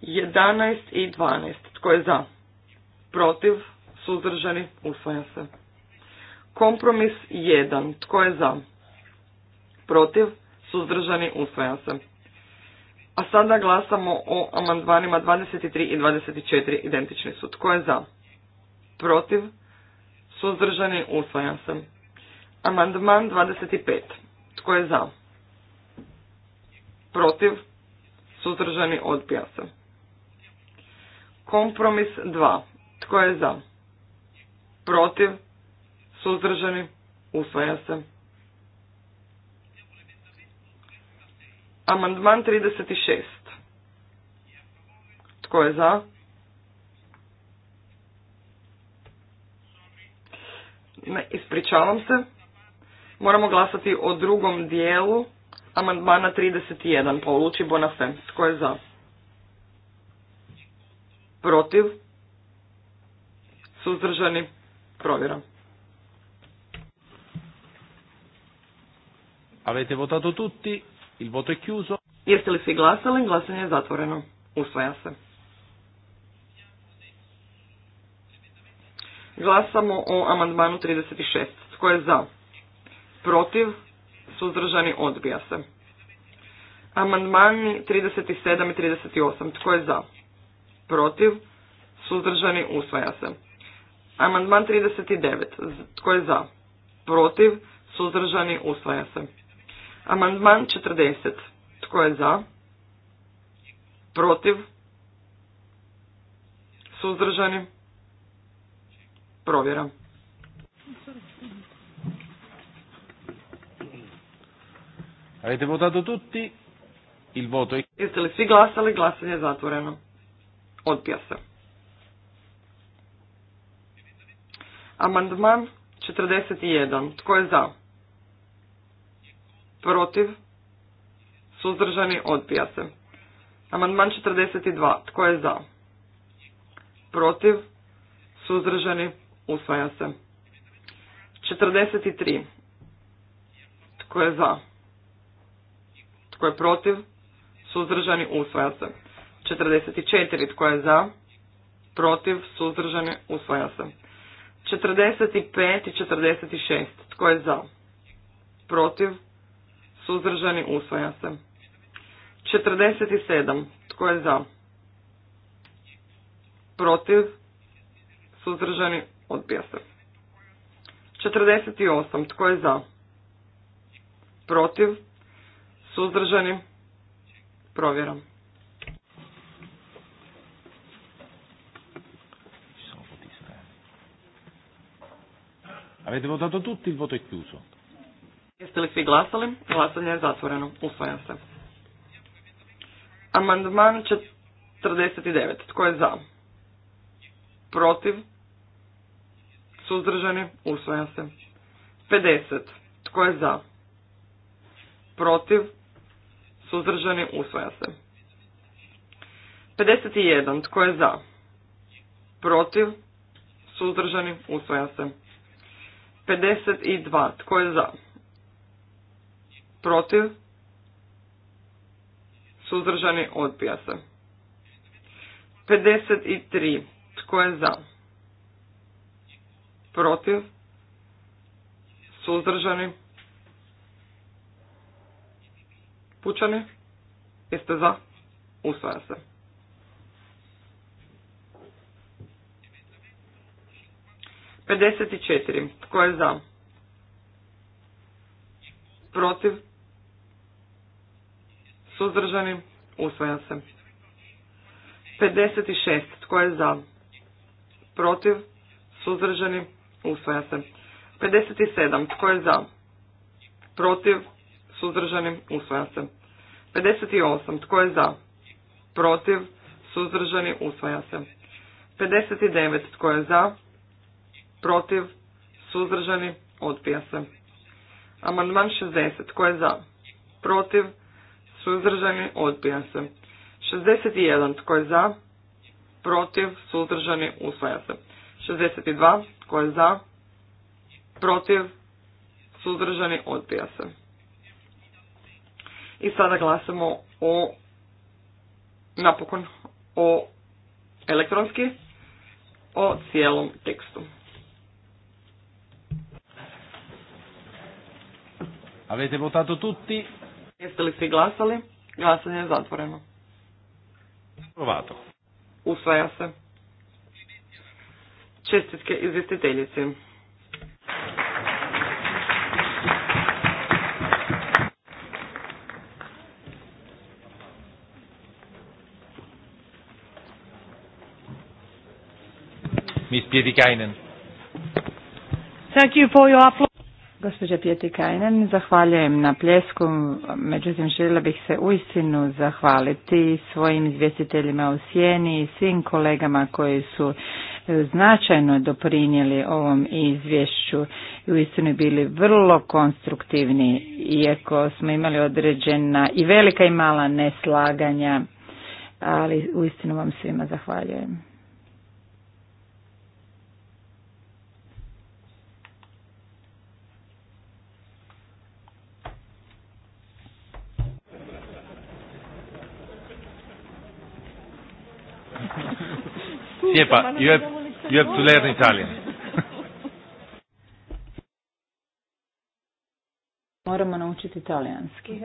11 i 12. Tko je za? Protiv? Suzdržani, usvaja se. Kompromis 1. Tko je za? Protiv? Suzdržani, usvaja se. A sada glasamo o amandmanima 23 i 24 identični su. Tko je za? Protiv? Suzdržani? usvajan sam. Amandman 25. Tko je za? Protiv? Suzdržani? Odbija se. Kompromis 2. Tko je za? Protiv? Suzdržani? usvajan se. Amandman 36. Tko je za? Ne, ispričavam se. Moramo glasati o drugom dijelu amandmana 31. Poluči pa Bonafem. Tko je za? Protiv? Suzdržani? Provjeram. Avete votato tutti? Il voto è chiuso. Jeste li svi glasali? Glasanje je zatvoreno. Usvaja se. Glasamo o amandmanu 36. Tko je za? Protiv? Suzdržani odbija se. Amandmani 37 i 38. Tko je za? Protiv? Suzdržani usvaja se. Amandman 39. Tko je za? Protiv? Suzdržani usvaja se. Amandman 40. Tko je za? Protiv? Suzdržani? Provjera. Avete votato tutti? Il voto è... Jeste li svi glasali? Glasanje je zatvoreno. Odpija se. Amandman 41. Tko je za? protiv, suzdržani, odbija se. Amandman 42. Tko je za? Protiv, suzdržani, usvaja se. 43. Tko je za? Tko je protiv? Suzdržani, usvaja se. 44. Tko je za? Protiv, suzdržani, usvaja se. 45 i 46. Tko je za? Protiv, Suzdržani usvaja se. 47. Tko je za? Protiv? Suzdržani odbija se. 48. Tko je za? Protiv? Suzdržani? Provjeram. Avete votato tutti, il voto è chiuso. Jeste li svi glasali? Glasanje je zatvoreno. Usvaja se. Amandman 49. Tko je za? Protiv? Suzdržani? Usvaja se. 50. Tko je za? Protiv? Suzdržani? Usvaja se. 51. Tko je za? Protiv? Suzdržani? Usvaja se. 52. Tko je za? protiv, suzdržani, odbija se. 53. Tko je za? Protiv, suzdržani, pučani, jeste za, usvaja se. 54. Tko je za? Protiv? suzdržanim Usvaja se. 56. Tko je za? Protiv? Suzdržani? Usvaja se. 57. Tko je za? Protiv? Suzdržani? Usvaja se. 58. Tko je za? Protiv? Suzdržani? Usvaja se. 59. Tko je za? Protiv? Suzdržani? Odbija se. Amandman 60. Tko je za? Protiv? suzdržani, odbija se. 61. Tko je za? Protiv, suzdržani, usvaja se. 62. Tko je za? Protiv, suzdržani, odbija se. I sada glasamo o, napokon, o elektronski, o cijelom tekstu. Avete votato tutti? Jeste li svi glasali? Glasanje je zatvoreno. Provato. Usvaja se. Čestitke izvjestiteljici. Miss Pietikainen. Thank you for your applause. Gospođa Pjeti zahvaljujem na pljesku, međutim željela bih se uistinu zahvaliti svojim izvjestiteljima u Sjeni i svim kolegama koji su e, značajno doprinijeli ovom izvješću i uistinu bili vrlo konstruktivni, iako smo imali određena i velika i mala neslaganja, ali uistinu vam svima zahvaljujem. Sì, you have, you have to learn Italian. Moramo naučiti italijanski.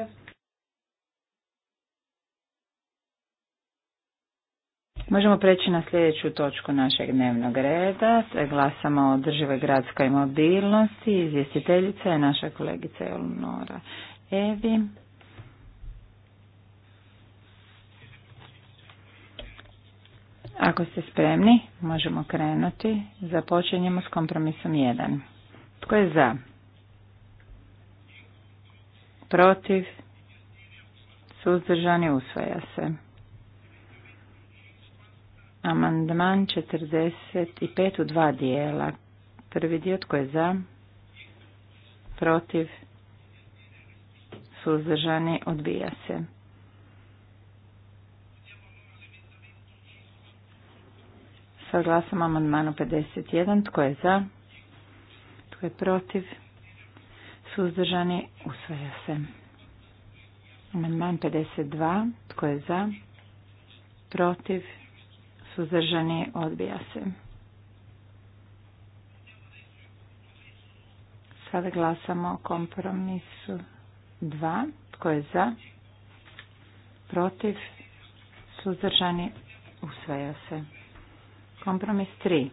Možemo preći na sljedeću točku našeg dnevnog reda. Glasamo o održivoj gradskoj mobilnosti. Izvjestiteljica je naša kolegica Elnora Evi. Ako ste spremni, možemo krenuti. Započinjemo s kompromisom 1. Tko je za? Protiv? Suzdržani usvaja se. Amandman 45 u dva dijela. Prvi dio tko je za? Protiv? Suzdržani odbija se. Sad glasamo amandmanu 51. Tko je za? Tko je protiv? Suzdržani usvaja se. Amandman 52. Tko je za? Protiv? Suzdržani odbija se. Sada glasamo kompromisu 2. Tko je za? Protiv? Suzdržani usvaja se. Kompromis 3.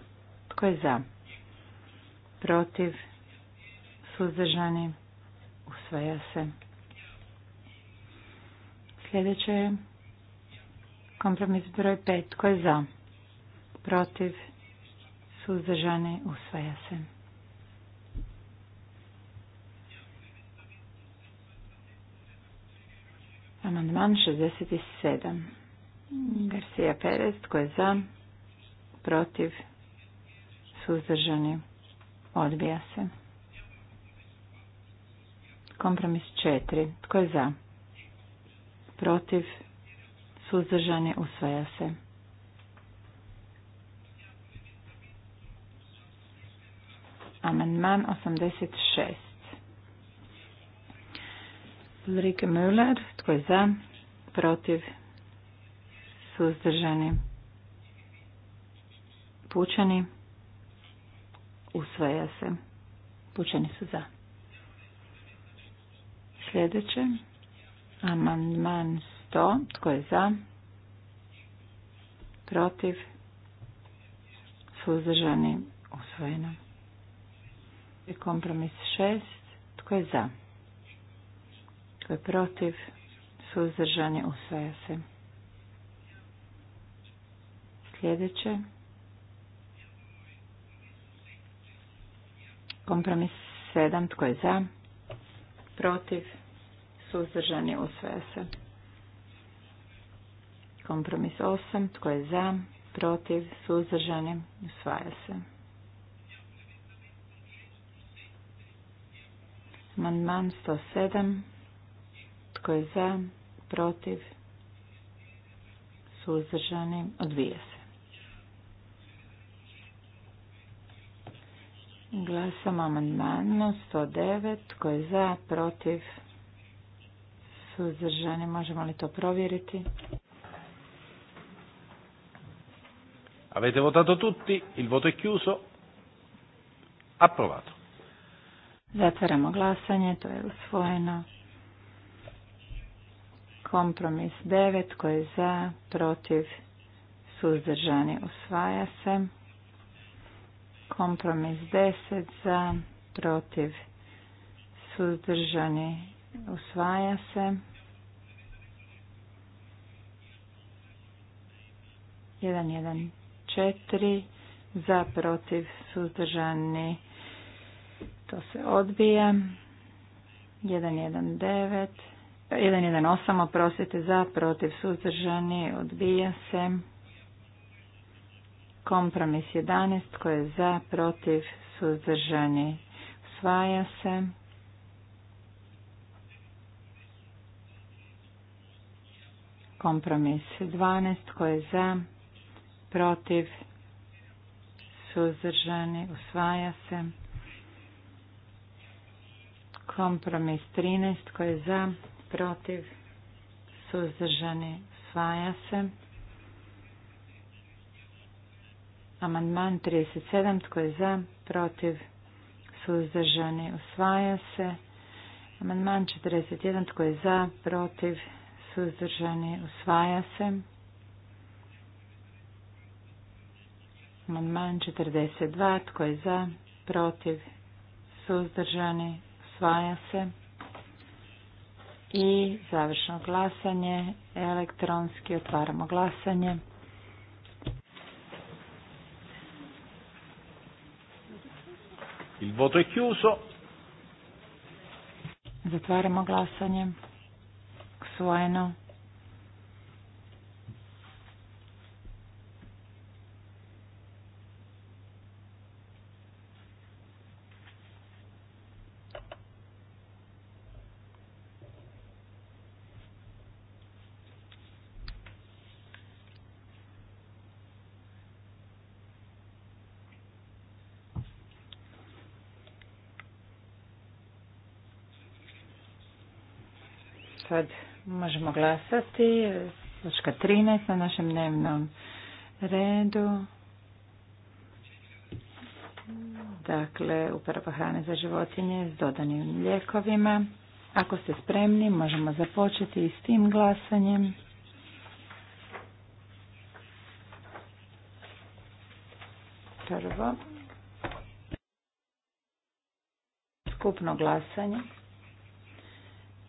Tko je za? Protiv? Suzdržani? Usvaja se. Sljedeće je kompromis broj 5. Tko je za? Protiv? Suzdržani? Usvaja se. Amandman 67. Garcia Perez. Tko je za? protiv, suzdržani, odbija se. Kompromis četiri. Tko je za? Protiv, suzdržani, usvaja se. Amandman 86. Ulrike Müller, tko je za, protiv, suzdržani, pučani. Usvaja se. Pučani su za. Sljedeće. Amandman 100. Tko je za? Protiv? Suzdržani? Usvojeno. I kompromis 6. Tko je za? Tko je protiv? Suzdržani? Usvaja se. Sljedeće. Kompromis 7. Tko je za? Protiv? Suzdržani usvaja se. Kompromis 8. Tko je za? Protiv? Suzdržani usvaja se. Amandman 107. Tko je za? Protiv? Suzdržani odvija se. Glasamo amandmanu 109. Tko je za, protiv, suzdržani? Možemo li to provjeriti? Avete votato tutti, il voto è chiuso, approvato. Zatvaramo glasanje, to je usvojeno. Kompromis 9, tko je za, protiv, suzdržani, usvaja se. Kompromis 10 za, protiv, suzdržani, usvaja se. 114 za, protiv, suzdržani, to se odbija. 119 118, oprostite, za, protiv, suzdržani, odbija se. Kompromis 11. koji je za, protiv, suzdržani, usvaja se. Kompromis 12. koji je za, protiv, suzdržani, usvaja se. Kompromis 13. koji je za, protiv, suzdržani, usvaja se. Amandman 37. Tko je za? Protiv? Suzdržani? Usvaja se. Amandman 41. Tko je za? Protiv? Suzdržani? Usvaja se. Amandman 42. Tko je za? Protiv? Suzdržani? Usvaja se. I završno glasanje. Elektronski otvaramo glasanje. Il voto è chiuso. Zatvaramo glasanje. Svojeno. Sad možemo glasati. Točka 13 na našem dnevnom redu. Dakle, uporaba hrane za životinje s dodanim ljekovima. Ako ste spremni, možemo započeti i s tim glasanjem. Prvo. Skupno glasanje.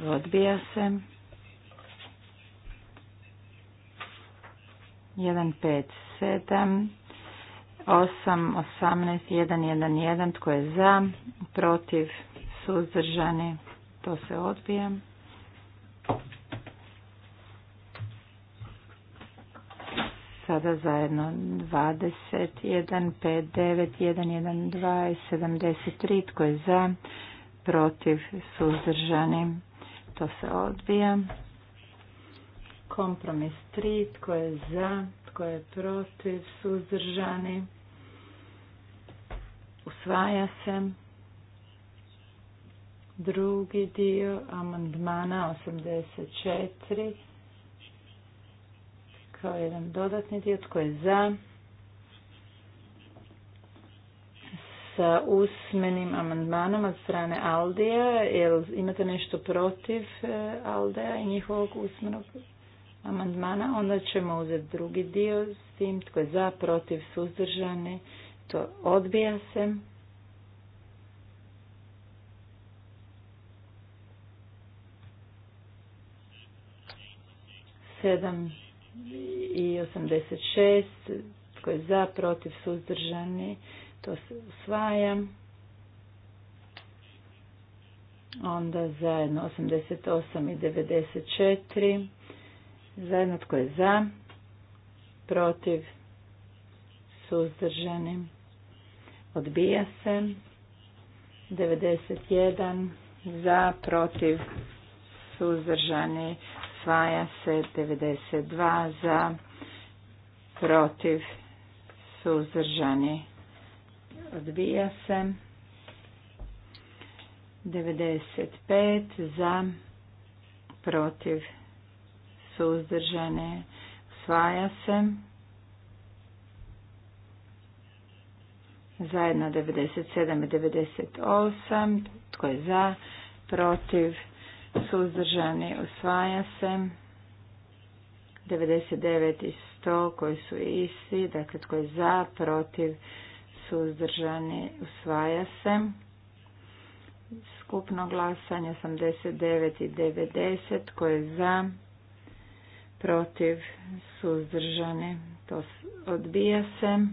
Odbija se. 1, 5, 7, 8 18 1, tko je za, protiv, suzdržani, to se odbija. Sada zajedno 21, 5, 9, 1, 1, 2 73. Tko je za, protiv, suzdržani, to se odbija to se odbija. Kompromis 3, tko je za, tko je protiv, suzdržani, usvaja se. Drugi dio amandmana 84, kao jedan dodatni dio, tko je za, sa usmenim amandmanom od strane Aldija. imate nešto protiv e, Aldeja i njihovog usmenog amandmana? Onda ćemo uzeti drugi dio s tim tko je za, protiv, suzdržani. To odbija se. Sedam i šest tko je za, protiv, suzdržani, to se usvaja. Onda zajedno 88 i 94. Zajedno tko je za, protiv, suzdržani, odbija se. 91 za, protiv, suzdržani, svaja se. 92 za, protiv, suzdržani, odbija se. 95 za, protiv, suzdržane, usvaja se. Zajedno 97 i 98, tko je za, protiv, suzdržani, usvaja se. 99 i 100 koji su isti, dakle tko je za, protiv, suzdržani usvaja se. Skupno glasanje 89 i 90 koje je za, protiv, suzdržani, to odbija se.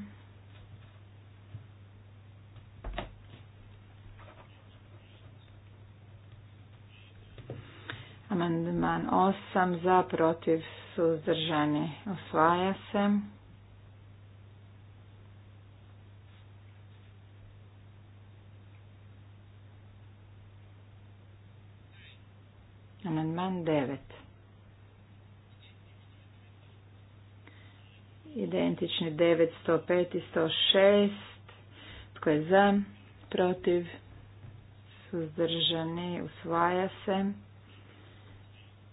Amandman 8 za, protiv, suzdržani, usvaja se. Amandman 9. Identični 9, 105 i 106. Tko je za? Protiv? Suzdržani? Usvaja se.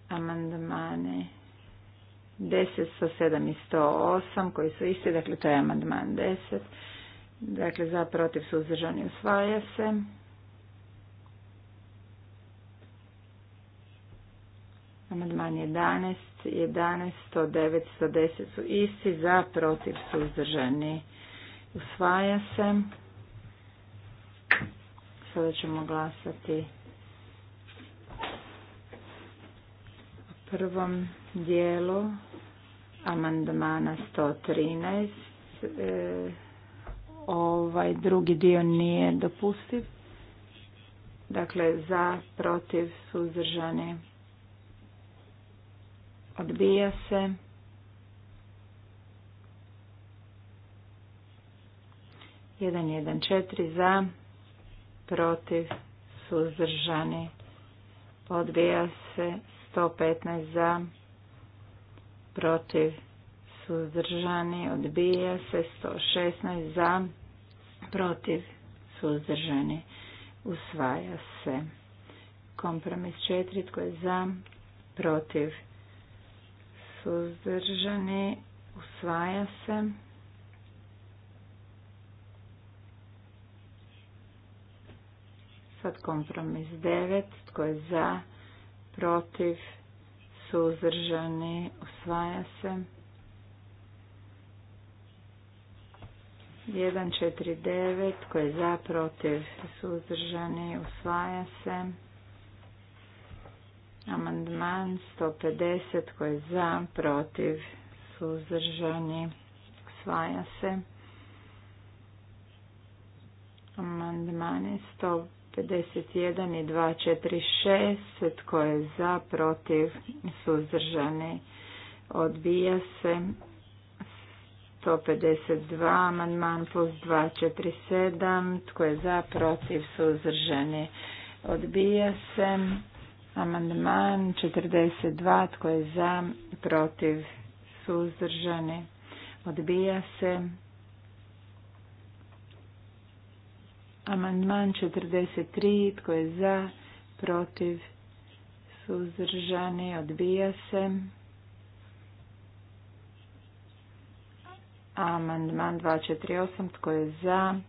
Amandmani 10, 107 i 108 koji su isti, dakle to je amandman 10. Dakle, za protiv suzdržani usvaja se. Amandman 11, 11, sto 110 su isti, za, protiv, suzdržani. Usvaja se. Sada ćemo glasati o prvom dijelu amandmana 113. E, ovaj drugi dio nije dopustiv. Dakle, za, protiv, suzdržani. Odbija se. Jedan, jedan, četiri za. Protiv. Suzdržani. Odbija se. 115 za. Protiv. Suzdržani. Odbija se. 116 za. Protiv. Suzdržani. Usvaja se. Kompromis četiri. Tko je za? Protiv suzdržani, usvaja se. Sad kompromis 9, tko je za, protiv, suzdržani, usvaja se. 9, tko je za, protiv, suzdržani, usvaja se. Amandman 150 koji je za, protiv, suzdržani, svaja se. Amandman 151 i 246 tko je za, protiv, suzdržani, odbija se. 152 amandman plus 247 tko je za, protiv, suzdržani, odbija se. Amandman 42. Tko je za? Protiv? Suzdržani? Odbija se. Amandman 43. Tko je za? Protiv? Suzdržani? Odbija se. Amandman 248. Tko je za?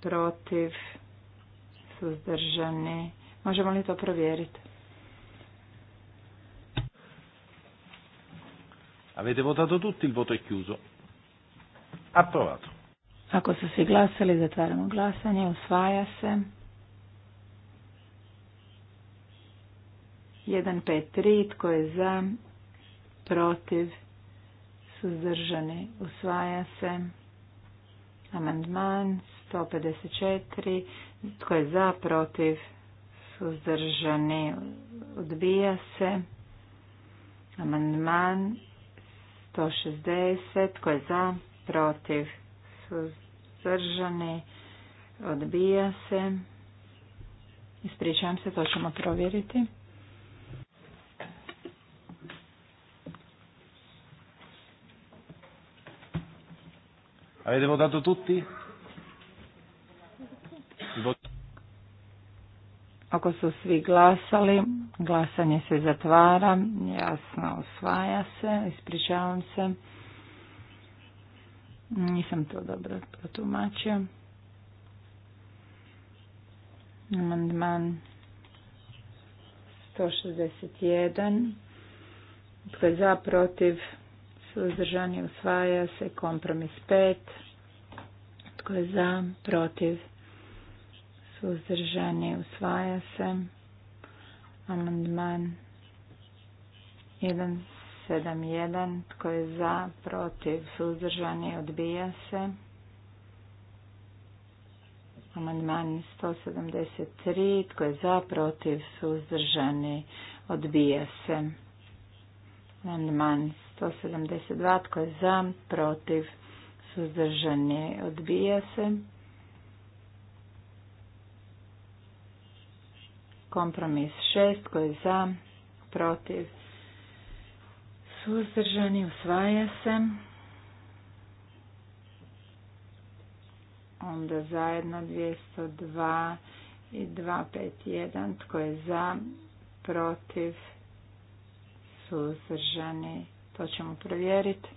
Protiv? Suzdržani? Možemo li to provjeriti? Avete votato tutti, il voto è chiuso. Approvato. Ako su svi glasali, zatvaramo glasanje, usvaja se. 153, tko je za, protiv, suzdržani, usvaja se. Amandman 154, tko je za, protiv, suzdržani, odbija se. Amandman 160. Tko je za? Protiv? Suzdržani? Odbija se. Ispričavam se, to ćemo provjeriti. Avete votato tutti? Ako su svi glasali, glasanje se zatvara, jasno osvaja se, ispričavam se. Nisam to dobro protumačio. Amandman 161. Tko je za, protiv, suzdržani, usvaja se. Kompromis 5. Tko je za, protiv, suzdržani, usvaja se. Amandman 171, tko je za, protiv, suzdržani, odbija se. Amandman 173, tko je za, protiv, suzdržani, odbija se. Amandman 172, tko je za, protiv, suzdržani, odbija se. Kompromis šest, koji je za, protiv, suzdržani, usvaja se. Onda zajedno 202 i 251 tko je za, protiv, suzdržani, to ćemo provjeriti.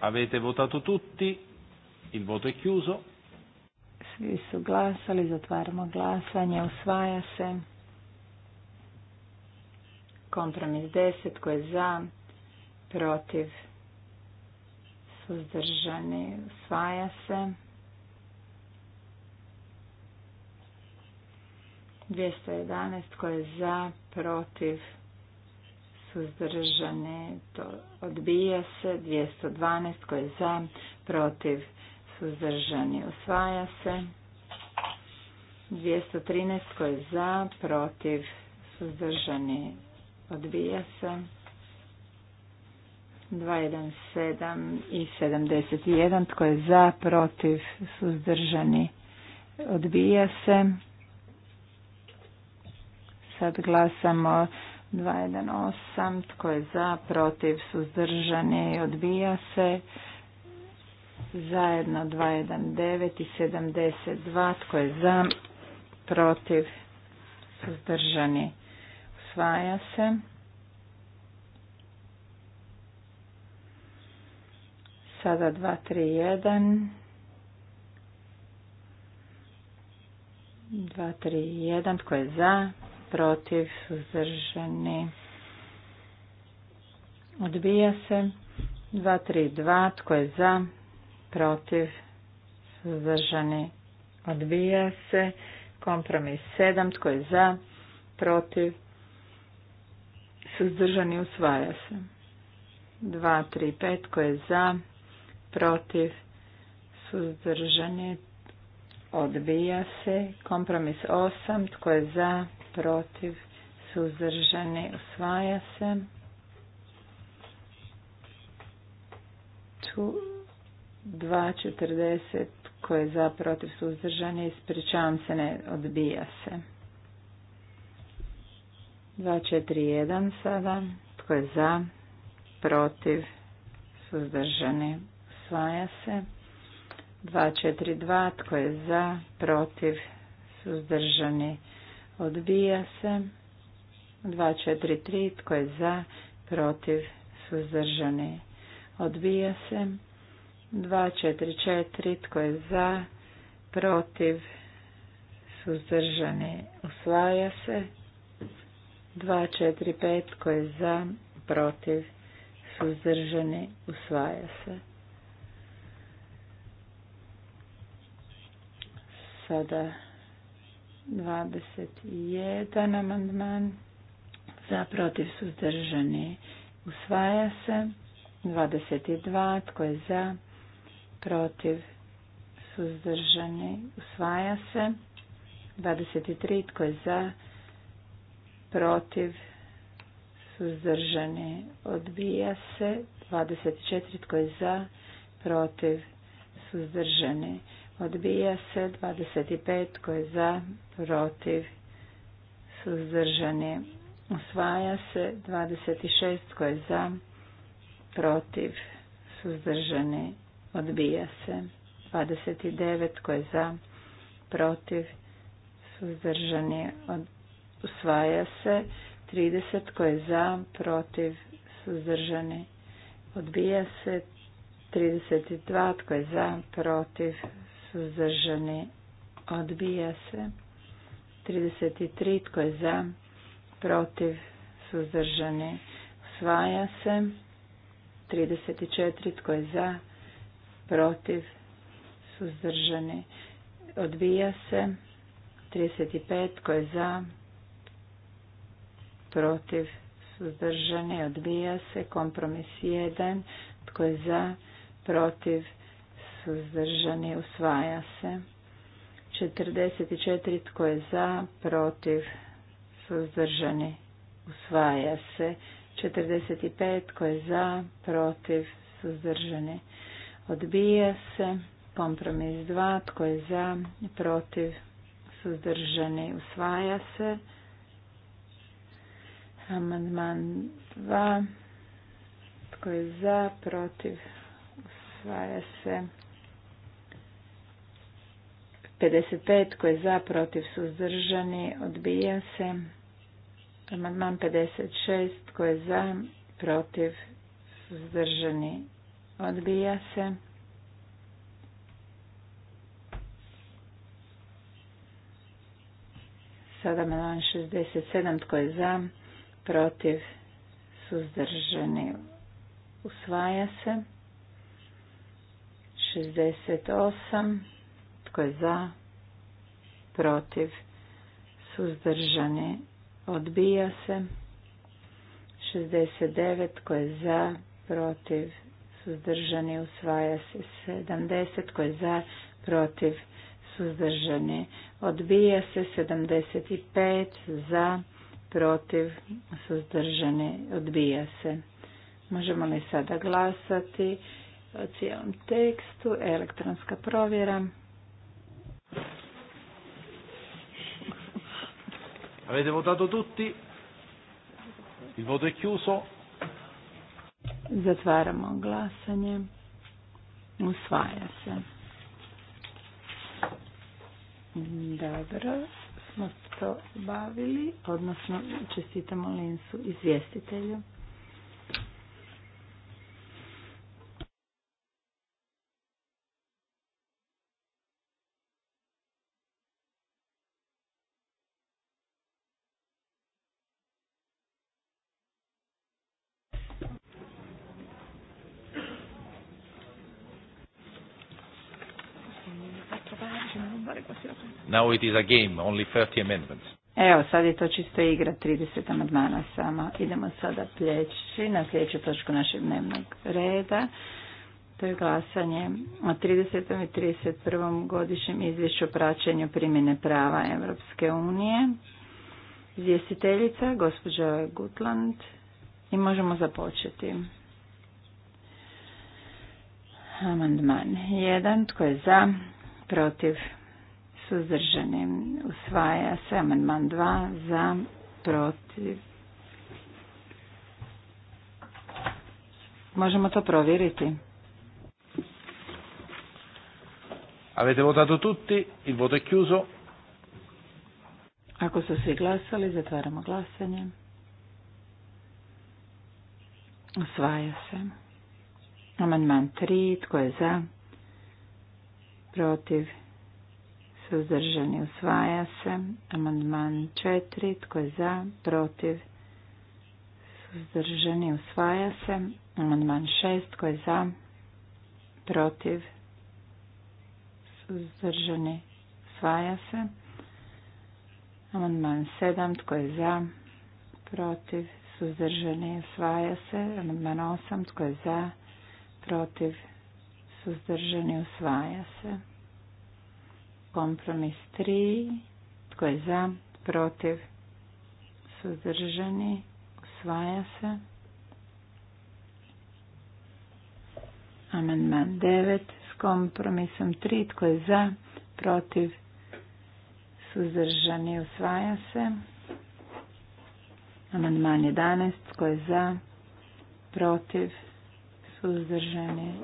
Avete votato tutti? Il voto è chiuso. Svi su glasali, zatvaramo glasanje, usvaja se. Kompromis 10 koji je za, protiv, suzdržani, usvaja se. 211 koji je za, protiv, suzdržani, to odbija se. 212 koji je za, protiv, suzdržani usvaja se. 213 koji je za, protiv, suzdržani odbija se. 217 i 71 tko je za, protiv, suzdržani odbija se. Sad glasamo 218 tko je za, protiv, suzdržani odbija se zajedno 219 i 72, tko je za, protiv, suzdržani, usvaja se. Sada 231, 231, tko je za, protiv, suzdržani, odbija se. 232, tko je za, protiv, suzdržani, odbija se. Kompromis 7, tko je za, protiv, suzdržani, usvaja se. 2, 3, 5, tko je za, protiv, suzdržani, odbija se. Kompromis 8, tko je za, protiv, suzdržani, usvaja se. 2, 2.40 koje je za protiv suzdržani, ispričavam se, ne odbija se. 2.41 sada, tko je za, protiv, suzdržani, usvaja se. 2.42, tko je za, protiv, suzdržani, odbija se. 2.43, tko je za, protiv, suzdržani, odbija se. 244 tko je za, protiv, suzdržani, usvaja se. 245 tko je za, protiv, suzdržani, usvaja se. Sada 21 amandman za protiv suzdržani usvaja se 22 tko je za protiv, suzdržani, usvaja se. 23 tko je za, protiv, suzdržani, odbija se. 24 tko je za, protiv, suzdržani, odbija se. 25 tko je za, protiv, suzdržani, usvaja se. 26 tko je za, protiv, suzdržani, odbija se. 29 tko je za, protiv, suzdržani, usvaja se. 30 koje je za, protiv, suzdržani, odbija se. 32 tko je za, protiv, suzdržani, odbija se. 33 tko je za, protiv, suzdržani, usvaja se. 34 tko je za, protiv, suzdržani, odbija se. 35 tko je za, protiv, suzdržani, odbija se. Kompromis 1 tko je za, protiv, suzdržani, usvaja se. 44 tko je za, protiv, suzdržani, usvaja se. 45 tko je za, protiv, suzdržani, usvaja Odbija se. Kompromis 2. Tko je za? Protiv? Suzdržani? Usvaja se. Amandman 2. Tko je za? Protiv? Usvaja se. 55. Tko je za? Protiv? Suzdržani? Odbija se. Amandman 56. Tko je za? Protiv? Suzdržani? Odbija se. Sada dan 67. Tko je za? Protiv? Suzdržani? Usvaja se. 68. Tko je za? Protiv? Suzdržani? Odbija se. 69. Tko je za? Protiv? suzdržani, usvaja se 70 tko je za, protiv, suzdržani, odbija se 75 za, protiv, suzdržani, odbija se. Možemo li sada glasati o cijelom tekstu, elektronska provjera. Avete votato tutti? Il voto è chiuso. Zatvaramo glasanje. Usvaja se. Dobro, smo to bavili, odnosno čestitamo Linsu izvjestitelju. Now it is a game, only 30 amendments. Evo, sad je to čisto igra, 30 amandmana samo. Idemo sada pljeći na sljedeću točku našeg dnevnog reda. To je glasanje o 30. i 31. godišnjem izvješću o praćenju primjene prava Europske unije. Izvjestiteljica, gospođa Gutland, i možemo započeti. Amandman 1. Tko je za? Protiv? suzdržani. Usvaja se amandman 2 za protiv. Možemo to provjeriti. Avete votato tutti, il voto è chiuso. Ako su svi glasali, zatvaramo glasanje. Usvaja se. Amandman 3, tko je za? Protiv? suzdržani usvaja se. Amandman 4. Tko je za? Protiv? Suzdržani usvaja se. Amandman 6. Tko je za? Protiv? Suzdržani usvaja se. Amandman 7. Tko je za? Protiv? Suzdržani usvaja se. Amandman 8. Tko je za? Protiv? Suzdržani usvaja se. Kompromis 3. Tko je za? Protiv? Suzdržani? Usvaja se. Amandman 9. S kompromisom 3. Tko je za? Protiv? Suzdržani? Usvaja se. Amandman 11. Tko je za? Protiv? Suzdržani?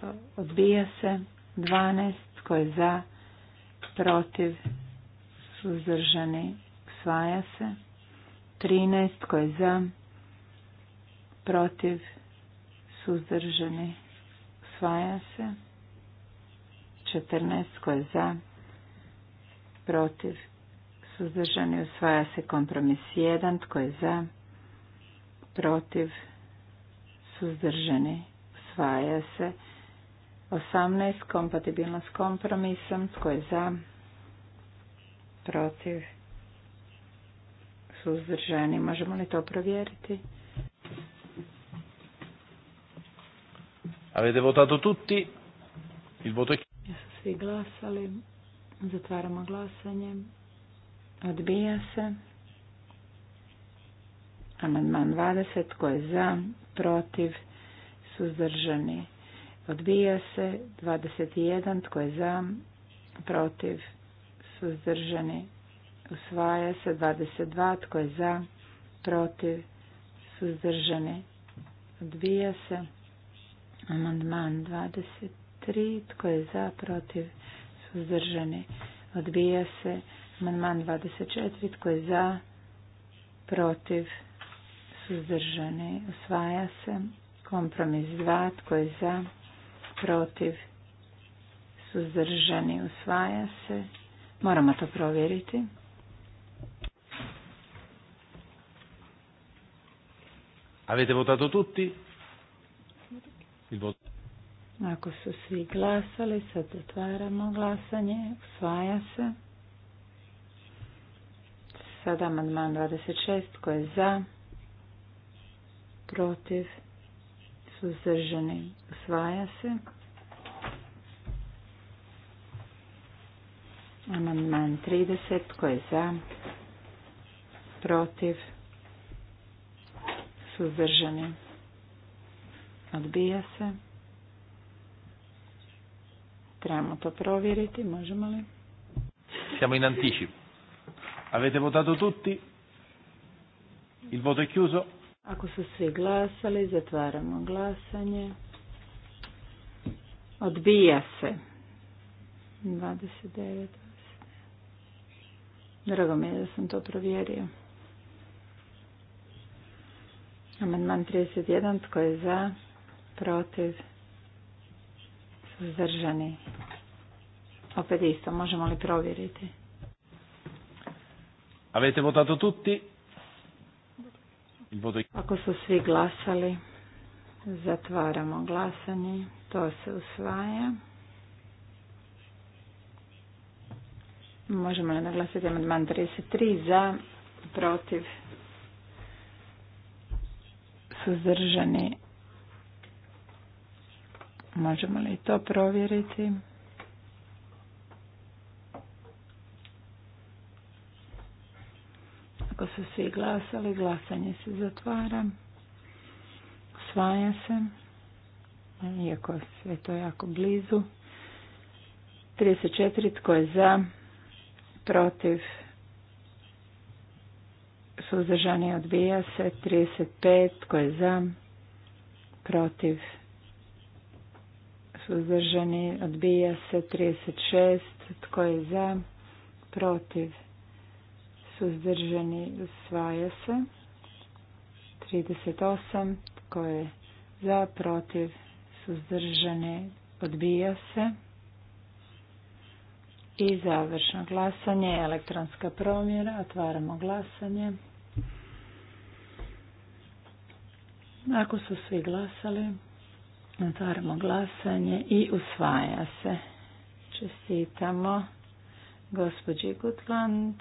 To odbija se. 12. Tko je za? protiv, suzdržani, svaja se. 13 tko je za, protiv, suzdržani, svaja se. 14 tko je za, protiv, suzdržani, usvaja se. Kompromis 1 tko je za, protiv, suzdržani, usvaja se. 18 kompatibilnost s kompromisom. Tko je za? Protiv? Suzdržani. Možemo li to provjeriti? Avete votato tutti? Il voto svi glasali. Zatvaramo glasanje. Odbija se. Amandman 20. Tko je za? Protiv? Suzdržani. Odbija se 21. Tko je za? Protiv? Suzdržani? Usvaja se 22. Tko je za? Protiv? Suzdržani? Odbija se. Amandman 23. Tko je za? Protiv? Suzdržani? Odbija se. Amandman 24. Tko je za? Protiv? Suzdržani? Usvaja se. Kompromis 2. Tko je za? protiv, suzdržani, usvaja se. Moramo to provjeriti. Avete votato tutti? Ako su svi glasali, sad zatvaramo glasanje, usvaja se. Sada amandman 26, ko je za, protiv, suzdržani, usvaja se. Amandman 30, tko je za, protiv, suzdržani, odbija se. Trebamo to provjeriti, možemo li? Siamo in anticipo. Avete votato tutti? Il voto è chiuso? Ako su svi glasali, zatvaramo glasanje. Odbija se. 29. Drago mi je da sam to provjerio. Amandman 31. Tko je za? Protiv? Suzdržani? Opet isto. Možemo li provjeriti? Avete votato tutti? Ako su svi glasali, zatvaramo glasanje. To se usvaja. Možemo li naglasiti amandman 33 za, protiv, suzdržani. Možemo li to provjeriti? Ako su svi glasali, glasanje se zatvara. svaja se. Iako sve to jako blizu. 34. Tko je za? Protiv? Suzdržani odbija se. 35. Tko je za? Protiv? Suzdržani odbija se. 36. Tko je za? Protiv? suzdržani, usvaja se. 38, tko je za, protiv, suzdržani, odbija se. I završno glasanje, elektronska promjera, otvaramo glasanje. Ako su svi glasali, otvaramo glasanje i usvaja se. Čestitamo gospođi Gutland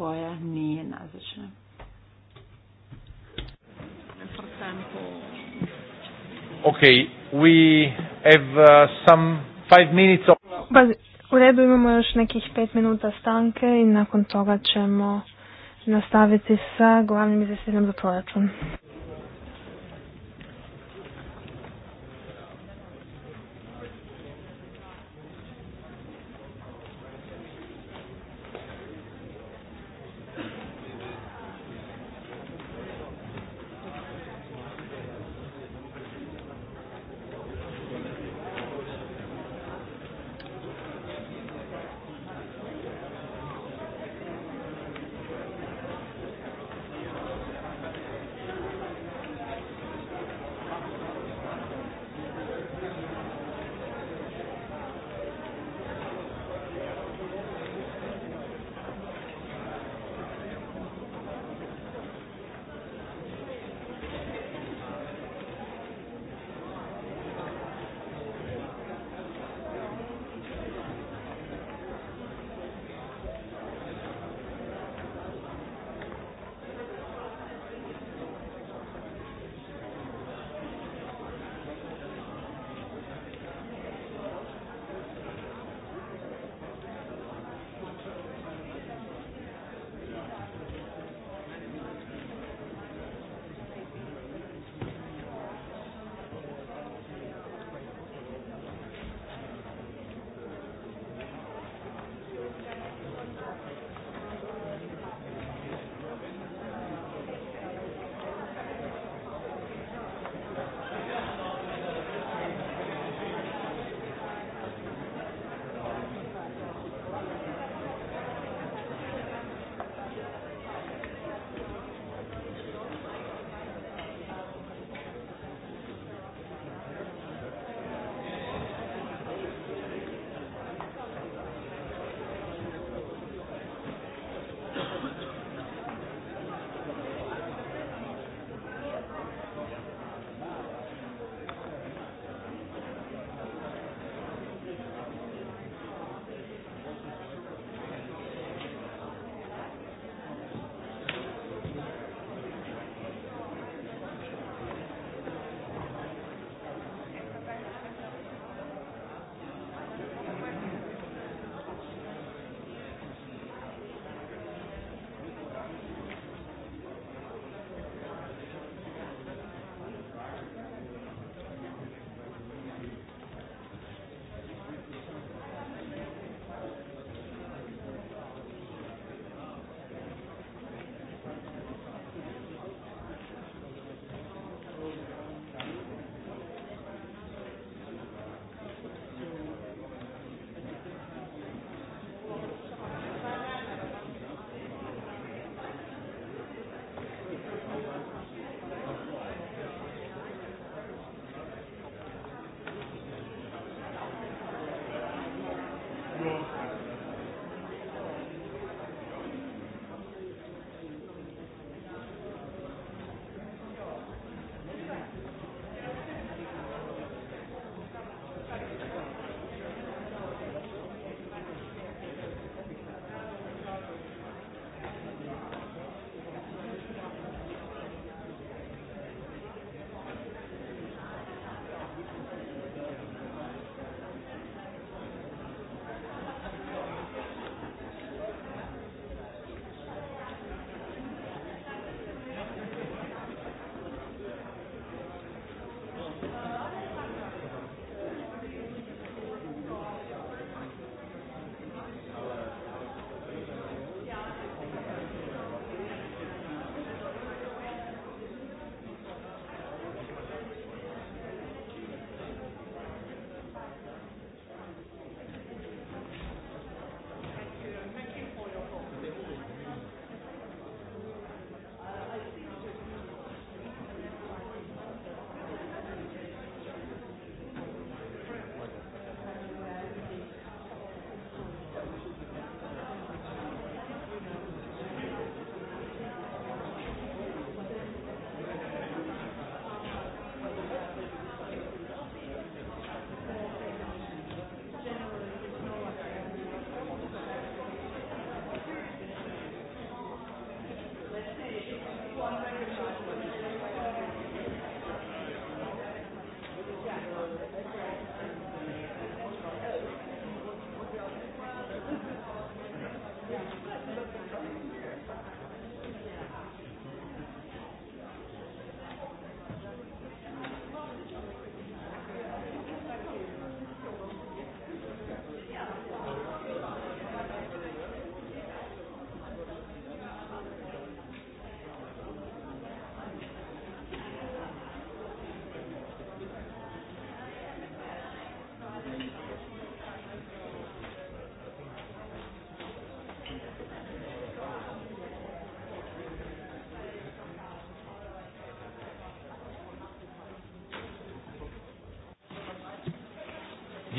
koja nije nazočna. ok we have uh, some five minutes of... U redu imamo još nekih pet minuta stanke i nakon toga ćemo nastaviti sa glavnim izvjestiteljem za proračun.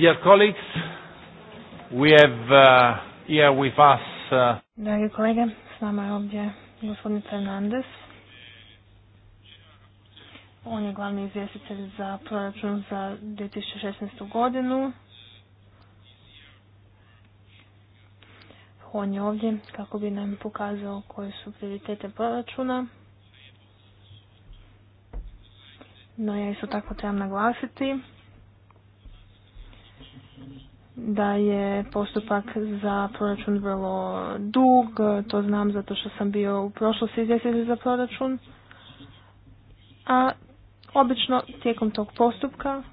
Dear colleagues, we have uh, here with us... Uh, kolege, s nama je ovdje gospodin Fernandez. On je glavni izvjestitelj za proračun za 2016. godinu. On je ovdje kako bi nam pokazao koje su prioritete proračuna. No ja isto tako trebam naglasiti da je postupak za proračun vrlo dug, to znam zato što sam bio u prošlosti izvjestitelj za proračun, a obično tijekom tog postupka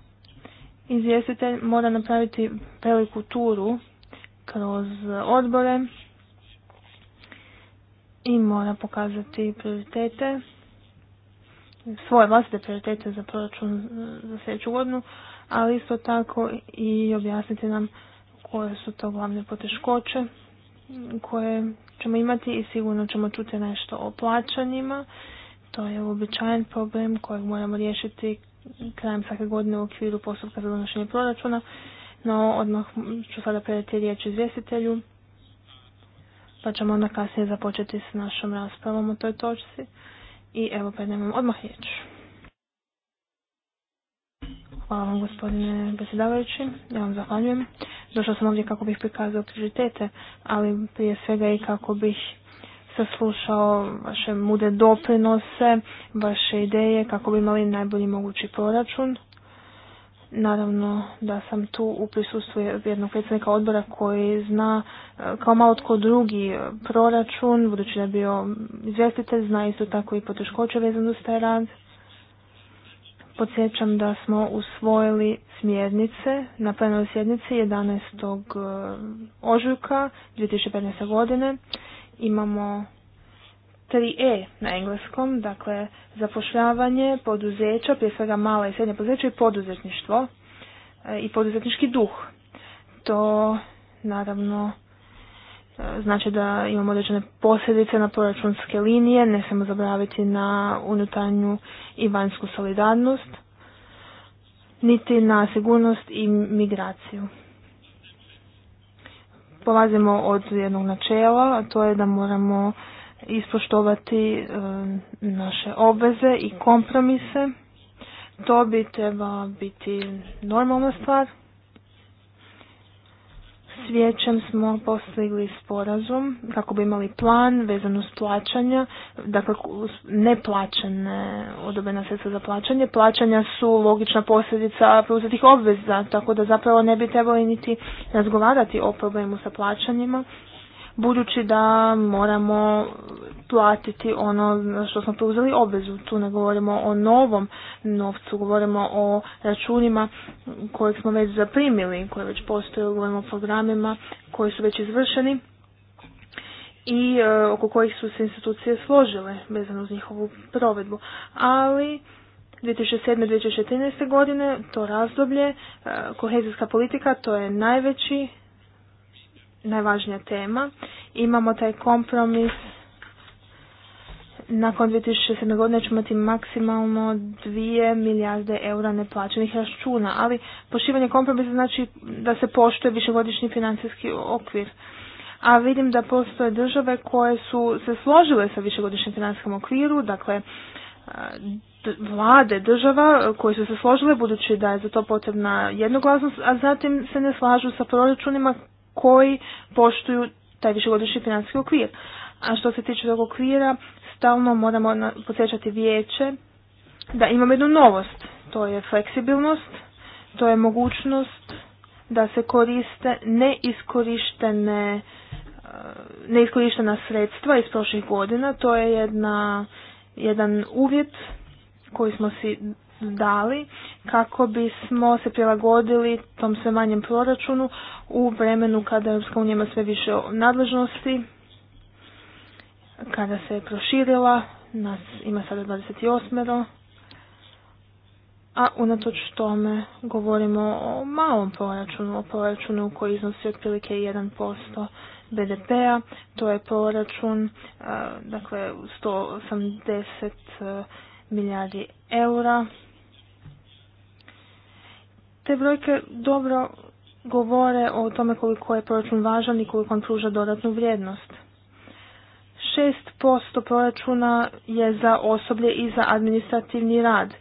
izvjestitelj mora napraviti veliku turu kroz odbore i mora pokazati prioritete, svoje vlastite prioritete za proračun za sljedeću godinu, ali isto tako i objasniti nam koje su to glavne poteškoće koje ćemo imati i sigurno ćemo čuti nešto o plaćanjima. To je uobičajen problem kojeg moramo riješiti krajem svake godine u okviru postupka za donošenje proračuna, no odmah ću sada predati riječ izvjestitelju, pa ćemo onda kasnije započeti s našom raspravom o toj točci. I evo, predajem vam odmah riječ. Hvala vam gospodine predsjedavajući, ja vam zahvaljujem. Došao sam ovdje kako bih prikazao prioritete, ali prije svega i kako bih saslušao vaše mude doprinose, vaše ideje, kako bi imali najbolji mogući proračun. Naravno da sam tu u prisustvu jednog predsjednika odbora koji zna e, kao malo tko drugi e, proračun, budući da je bio izvjestitelj, zna isto tako i poteškoće vezano uz taj rad. Podsjećam da smo usvojili smjernice na plenarnoj sjednici 11. E, ožujka 2015. godine. Imamo 3E na engleskom, dakle zapošljavanje poduzeća, prije svega mala i srednja poduzeća i poduzetništvo e, i poduzetnički duh. To naravno znači da imamo određene posljedice na proračunske linije, ne smijemo zaboraviti na unutarnju i vanjsku solidarnost, niti na sigurnost i migraciju. Polazimo od jednog načela, a to je da moramo ispoštovati e, naše obveze i kompromise. To bi trebala biti normalna stvar. S smo postigli sporazum kako bi imali plan vezan uz plaćanja, dakle neplaćene odobena sredstva za plaćanje. Plaćanja su logična posljedica preuzetih obveza, tako da zapravo ne bi trebali niti razgovarati o problemu sa plaćanjima budući da moramo platiti ono što smo preuzeli obvezu. Tu ne govorimo o novom novcu, govorimo o računima kojeg smo već zaprimili, koje već postoje, u o programima koji su već izvršeni i e, oko kojih su se institucije složile vezano uz njihovu provedbu. Ali 2007-2014. godine, to razdoblje, e, kohezijska politika, to je najveći najvažnija tema. Imamo taj kompromis nakon 2007. godine ćemo imati maksimalno 2 milijarde eura neplaćenih računa, ali poštivanje kompromisa znači da se poštuje višegodišnji financijski okvir. A vidim da postoje države koje su se složile sa višegodišnjim financijskim okviru, dakle vlade država koje su se složile budući da je za to potrebna jednoglasnost, a zatim se ne slažu sa proračunima koji poštuju taj višegodišnji financijski okvir. A što se tiče tog okvira, stalno moramo podsjećati vijeće da imamo jednu novost. To je fleksibilnost, to je mogućnost da se koriste neiskorištene eh, neiskorištena sredstva iz prošlih godina. To je jedna, jedan uvjet koji smo si dali kako bismo se prilagodili tom sve manjem proračunu u vremenu kada Europska unija ima sve više nadležnosti, kada se je proširila, nas ima sada 28. A unatoč tome govorimo o malom proračunu, o proračunu koji iznosi otprilike 1% BDP-a, to je proračun dakle 180 milijardi eura te brojke dobro govore o tome koliko je proračun važan i koliko on pruža dodatnu vrijednost. 6% proračuna je za osoblje i za administrativni rad.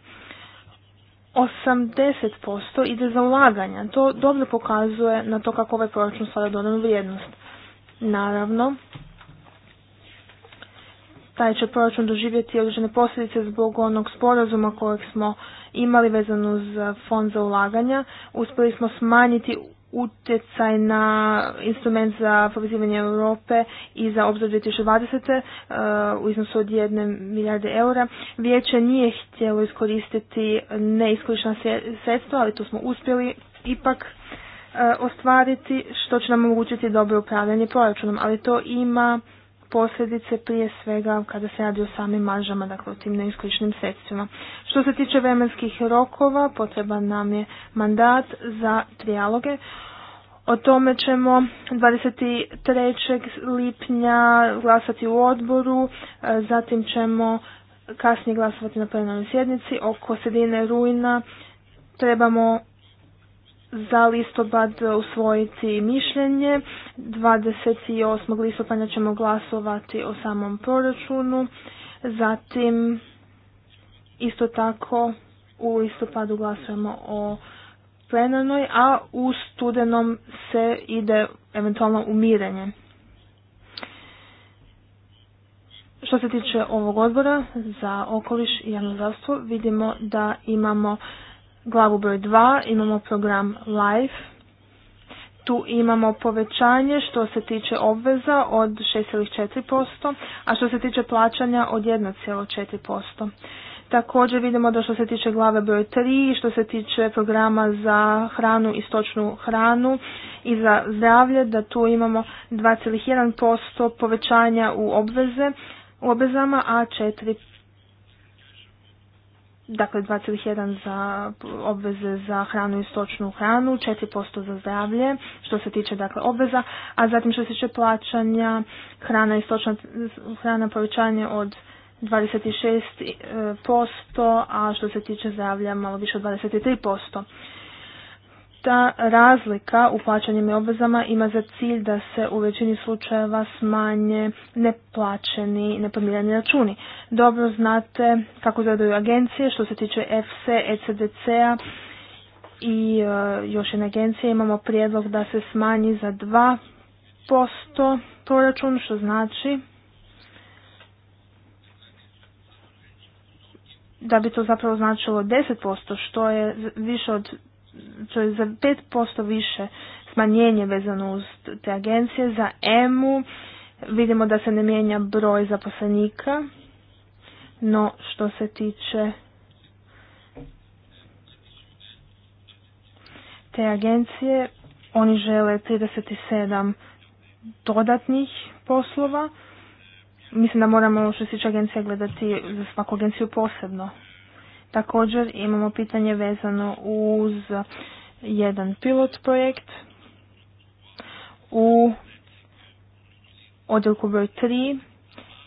80% ide za ulaganja. To dobro pokazuje na to kako ovaj proračun stvara dodanu vrijednost. Naravno, taj će proračun doživjeti određene posljedice zbog onog sporazuma kojeg smo imali vezano uz fond za ulaganja. Uspjeli smo smanjiti utjecaj na instrument za povezivanje Europe i za obzor 2020. E, u iznosu od jedne milijarde eura. Vijeće nije htjelo iskoristiti neiskorištena sredstva, ali to smo uspjeli ipak e, ostvariti, što će nam omogućiti dobro upravljanje proračunom, ali to ima posljedice prije svega kada se radi o samim mažama, dakle o tim neiskličnim sredstvima. Što se tiče vremenskih rokova, potreban nam je mandat za trijaloge. O tome ćemo 23. lipnja glasati u odboru, e, zatim ćemo kasnije glasovati na plenarnoj sjednici. Oko sredine rujna trebamo za listopad usvojiti mišljenje. 28. listopada ćemo glasovati o samom proračunu. Zatim isto tako u listopadu glasujemo o plenarnoj, a u studenom se ide eventualno umirenje. Što se tiče ovog odbora za okoliš i javno zdravstvo, vidimo da imamo glavu broj 2 imamo program LIFE. Tu imamo povećanje što se tiče obveza od 6,4%, a što se tiče plaćanja od 1,4%. Također vidimo da što se tiče glave broj 3, što se tiče programa za hranu i stočnu hranu i za zdravlje, da tu imamo 2,1% povećanja u obveze, obvezama, a 4 dakle 2,1 za obveze za hranu i stočnu hranu, 4% za zdravlje što se tiče dakle obveza, a zatim što se tiče plaćanja hrana i stočna hrana povećanje od 26%, a što se tiče zdravlja malo više od 23% ta razlika u plaćanjima i obvezama ima za cilj da se u većini slučajeva smanje neplaćeni, nepodmireni računi. Dobro znate kako zadaju agencije što se tiče FC, ECDC-a i e, još jedne agencije imamo prijedlog da se smanji za 2% proračun što znači da bi to zapravo značilo 10%, što je više od to je za 5% više smanjenje vezano uz te agencije. Za EMU vidimo da se ne mijenja broj zaposlenika, no što se tiče te agencije, oni žele 37 dodatnih poslova. Mislim da moramo što se tiče agencija gledati za svaku agenciju posebno. Također imamo pitanje vezano uz jedan pilot projekt u odjelku broj 3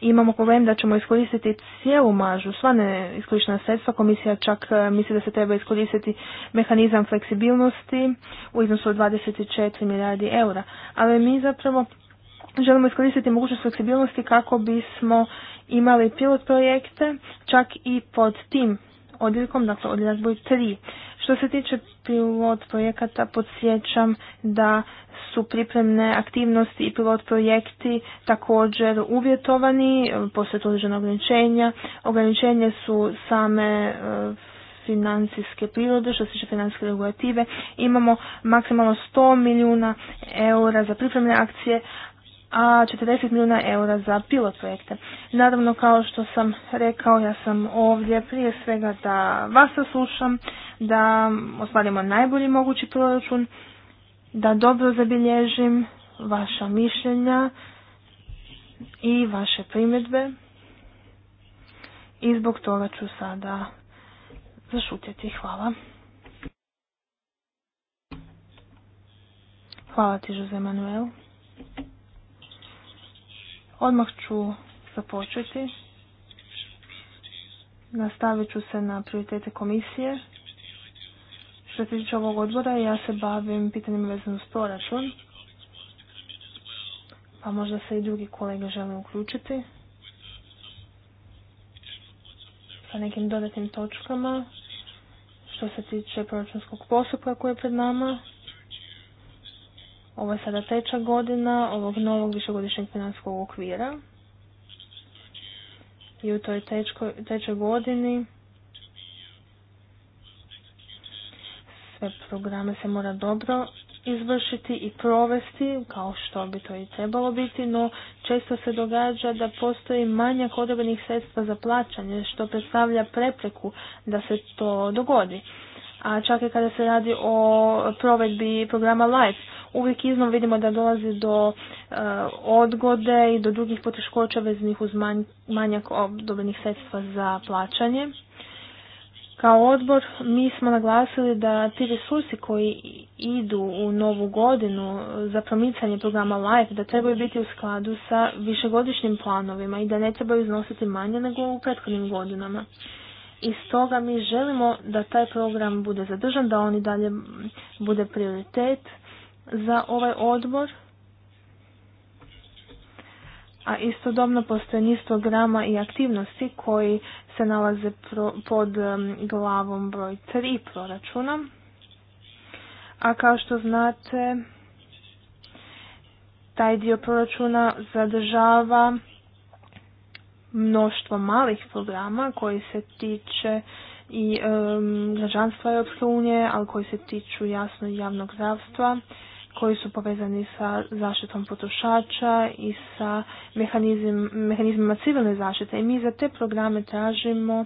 imamo problem da ćemo iskoristiti cijelu mažu, sva neiskorištena sredstva, komisija čak eh, misli da se treba iskoristiti mehanizam fleksibilnosti u iznosu od 24 milijardi eura. Ali mi zapravo želimo iskoristiti mogućnost fleksibilnosti kako bismo imali pilot projekte, čak i pod tim odjeljkom, dakle odjeljak broj 3. Što se tiče pilot projekata, podsjećam da su pripremne aktivnosti i pilot projekti također uvjetovani, eh, postoje određena ograničenja. Ograničenje su same eh, financijske prirode, što se tiče financijske regulative, imamo maksimalno 100 milijuna eura za pripremne akcije, a 40 milijuna eura za pilot projekte. Naravno, kao što sam rekao, ja sam ovdje prije svega da vas saslušam, da ostvarimo najbolji mogući proračun, da dobro zabilježim vaša mišljenja i vaše primjedbe. I zbog toga ću sada zašutjeti. Hvala. Hvala ti, Jose Manuel. Odmah ću započeti. Nastavit ću se na prioritete komisije. Što se tiče ovog odbora, ja se bavim pitanjima vezano s proračun. Pa možda se i drugi kolege žele uključiti. Sa nekim dodatnim točkama. Što se tiče proračunskog postupka koji je pred nama. Ovo je sada treća godina ovog novog višegodišnjeg financijskog okvira. I u toj trećoj godini sve programe se mora dobro izvršiti i provesti kao što bi to i trebalo biti, no često se događa da postoji manjak odobrenih sredstva za plaćanje što predstavlja prepreku da se to dogodi a čak i kada se radi o provedbi programa LIFE, uvijek iznom vidimo da dolazi do eh, odgode i do drugih poteškoća vezanih uz manjak obdobenih sredstva za plaćanje. Kao odbor mi smo naglasili da ti resursi koji idu u novu godinu za promicanje programa LIFE da trebaju biti u skladu sa višegodišnjim planovima i da ne trebaju iznositi manje nego u prethodnim godinama i stoga mi želimo da taj program bude zadržan, da on i dalje bude prioritet za ovaj odbor. A istodobno postoje niz programa i aktivnosti koji se nalaze pro, pod um, glavom broj 3 proračuna. A kao što znate, taj dio proračuna zadržava mnoštvo malih programa koji se tiče i građanstva Europske ali koji se tiču jasno i javnog zdravstva, koji su povezani sa zaštitom potrošača i sa mehanizm, mehanizmima civilne zaštite. I mi za te programe tražimo e,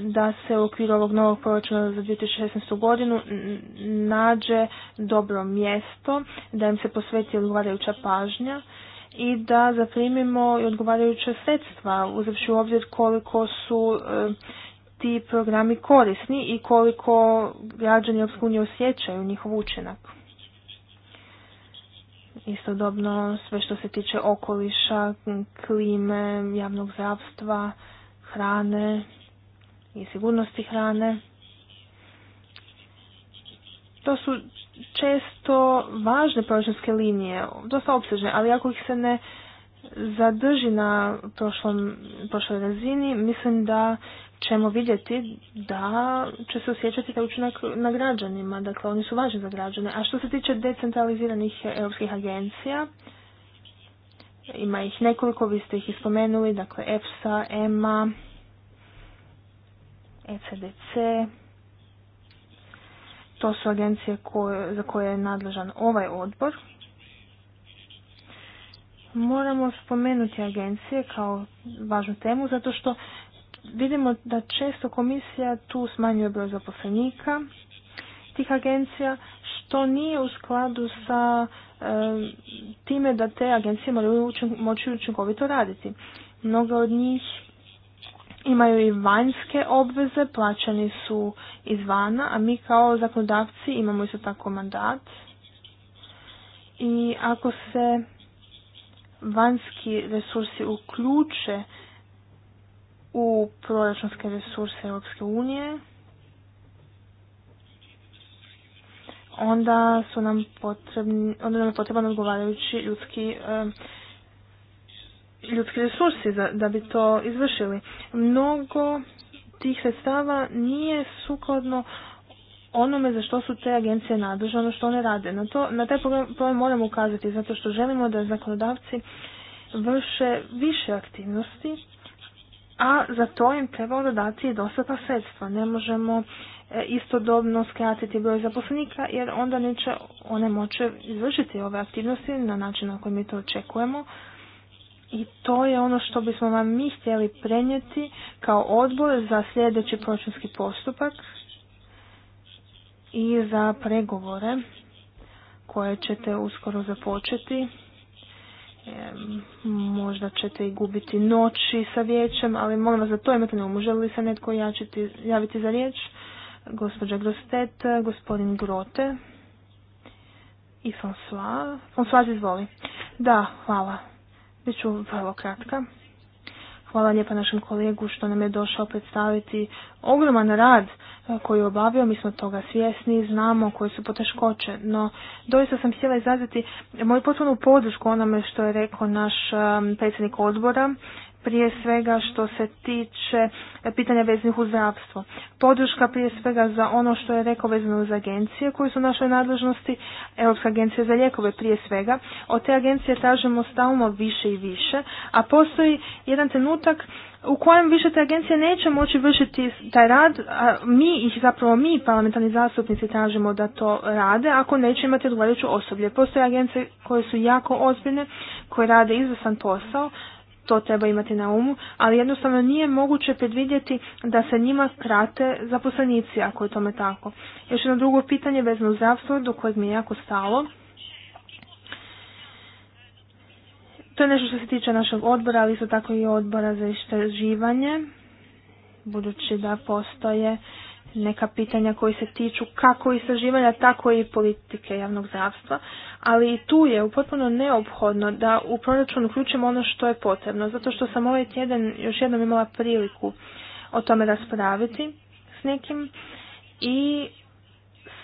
da se u okviru ovog novog proračuna za 2016. godinu nađe dobro mjesto, da im se posveti odgovarajuća pažnja i da zaprimimo i odgovarajuće sredstva, uzavši u obzir koliko su e, ti programi korisni i koliko građani Europske unije osjećaju njihov učinak. Istodobno sve što se tiče okoliša, klime, javnog zdravstva, hrane i sigurnosti hrane. To su često važne proračunske linije, dosta opsežne, ali ako ih se ne zadrži na prošlom, prošloj razini, mislim da ćemo vidjeti da će se osjećati kao učinak na građanima, dakle oni su važni za građane. A što se tiče decentraliziranih europskih agencija, ima ih nekoliko, vi ste ih ispomenuli, dakle EFSA, EMA, ECDC, to su agencije koje, za koje je nadležan ovaj odbor. Moramo spomenuti agencije kao važnu temu zato što vidimo da često komisija tu smanjuje broj zaposlenika tih agencija što nije u skladu sa time da te agencije moraju moći učinkovito raditi. Mnoga od njih imaju i vanjske obveze, plaćani su izvana, a mi kao zakonodavci imamo isto tako mandat. I ako se vanjski resursi uključe u proračunske resurse Europske unije, onda su nam potrebni, onda nam je potreban odgovarajući ljudski eh, ljudski resursi za da bi to izvršili. Mnogo tih sredstava nije sukladno onome za što su te agencije nadležne, ono što one rade. Na, to, na taj problem moramo ukazati zato što želimo da zakonodavci vrše više aktivnosti, a za to im treba dati i dostatna sredstva. Ne možemo e, istodobno skratiti broj zaposlenika jer onda neće one moće izvršiti ove aktivnosti na način na koji mi to očekujemo, i to je ono što bismo vam mi htjeli prenijeti kao odbor za sljedeći proračunski postupak i za pregovore koje ćete uskoro započeti. možda ćete i gubiti noći sa vijećem, ali molim vas da to imate na umu. Želi li se netko jačiti, javiti za riječ? Gospođa Grostet, gospodin Grote i François. François, izvoli. Da, hvala Biću vrlo kratka. Hvala lijepa našem kolegu što nam je došao predstaviti ogroman rad e, koji je obavio, mi smo toga svjesni, znamo koji su poteškoće, no doista sam htjela izraziti moju potpunu podršku onome što je rekao naš e, predsjednik odbora prije svega što se tiče pitanja veznih u zdravstvo. Podrška prije svega za ono što je rekao vezano uz agencije koje su u našoj nadležnosti, Europska agencija za lijekove prije svega. Od te agencije tražimo stalno više i više, a postoji jedan trenutak u kojem više te agencije neće moći vršiti taj rad, a mi ih zapravo mi parlamentarni zastupnici tražimo da to rade ako neće imati odgovarajuću osoblje. Postoje agencije koje su jako ozbiljne, koje rade izvrstan posao, to treba imati na umu, ali jednostavno nije moguće predvidjeti da se njima krate zaposlenici ako je tome tako. Još jedno drugo pitanje vezano uz zdravstvo do kojeg mi je jako stalo. To je nešto što se tiče našeg odbora, ali isto tako i odbora za istraživanje, budući da postoje neka pitanja koji se tiču kako istraživanja, tako i politike javnog zdravstva, ali i tu je potpuno neophodno da u proračun uključimo ono što je potrebno, zato što sam ovaj tjedan još jednom imala priliku o tome raspraviti s nekim i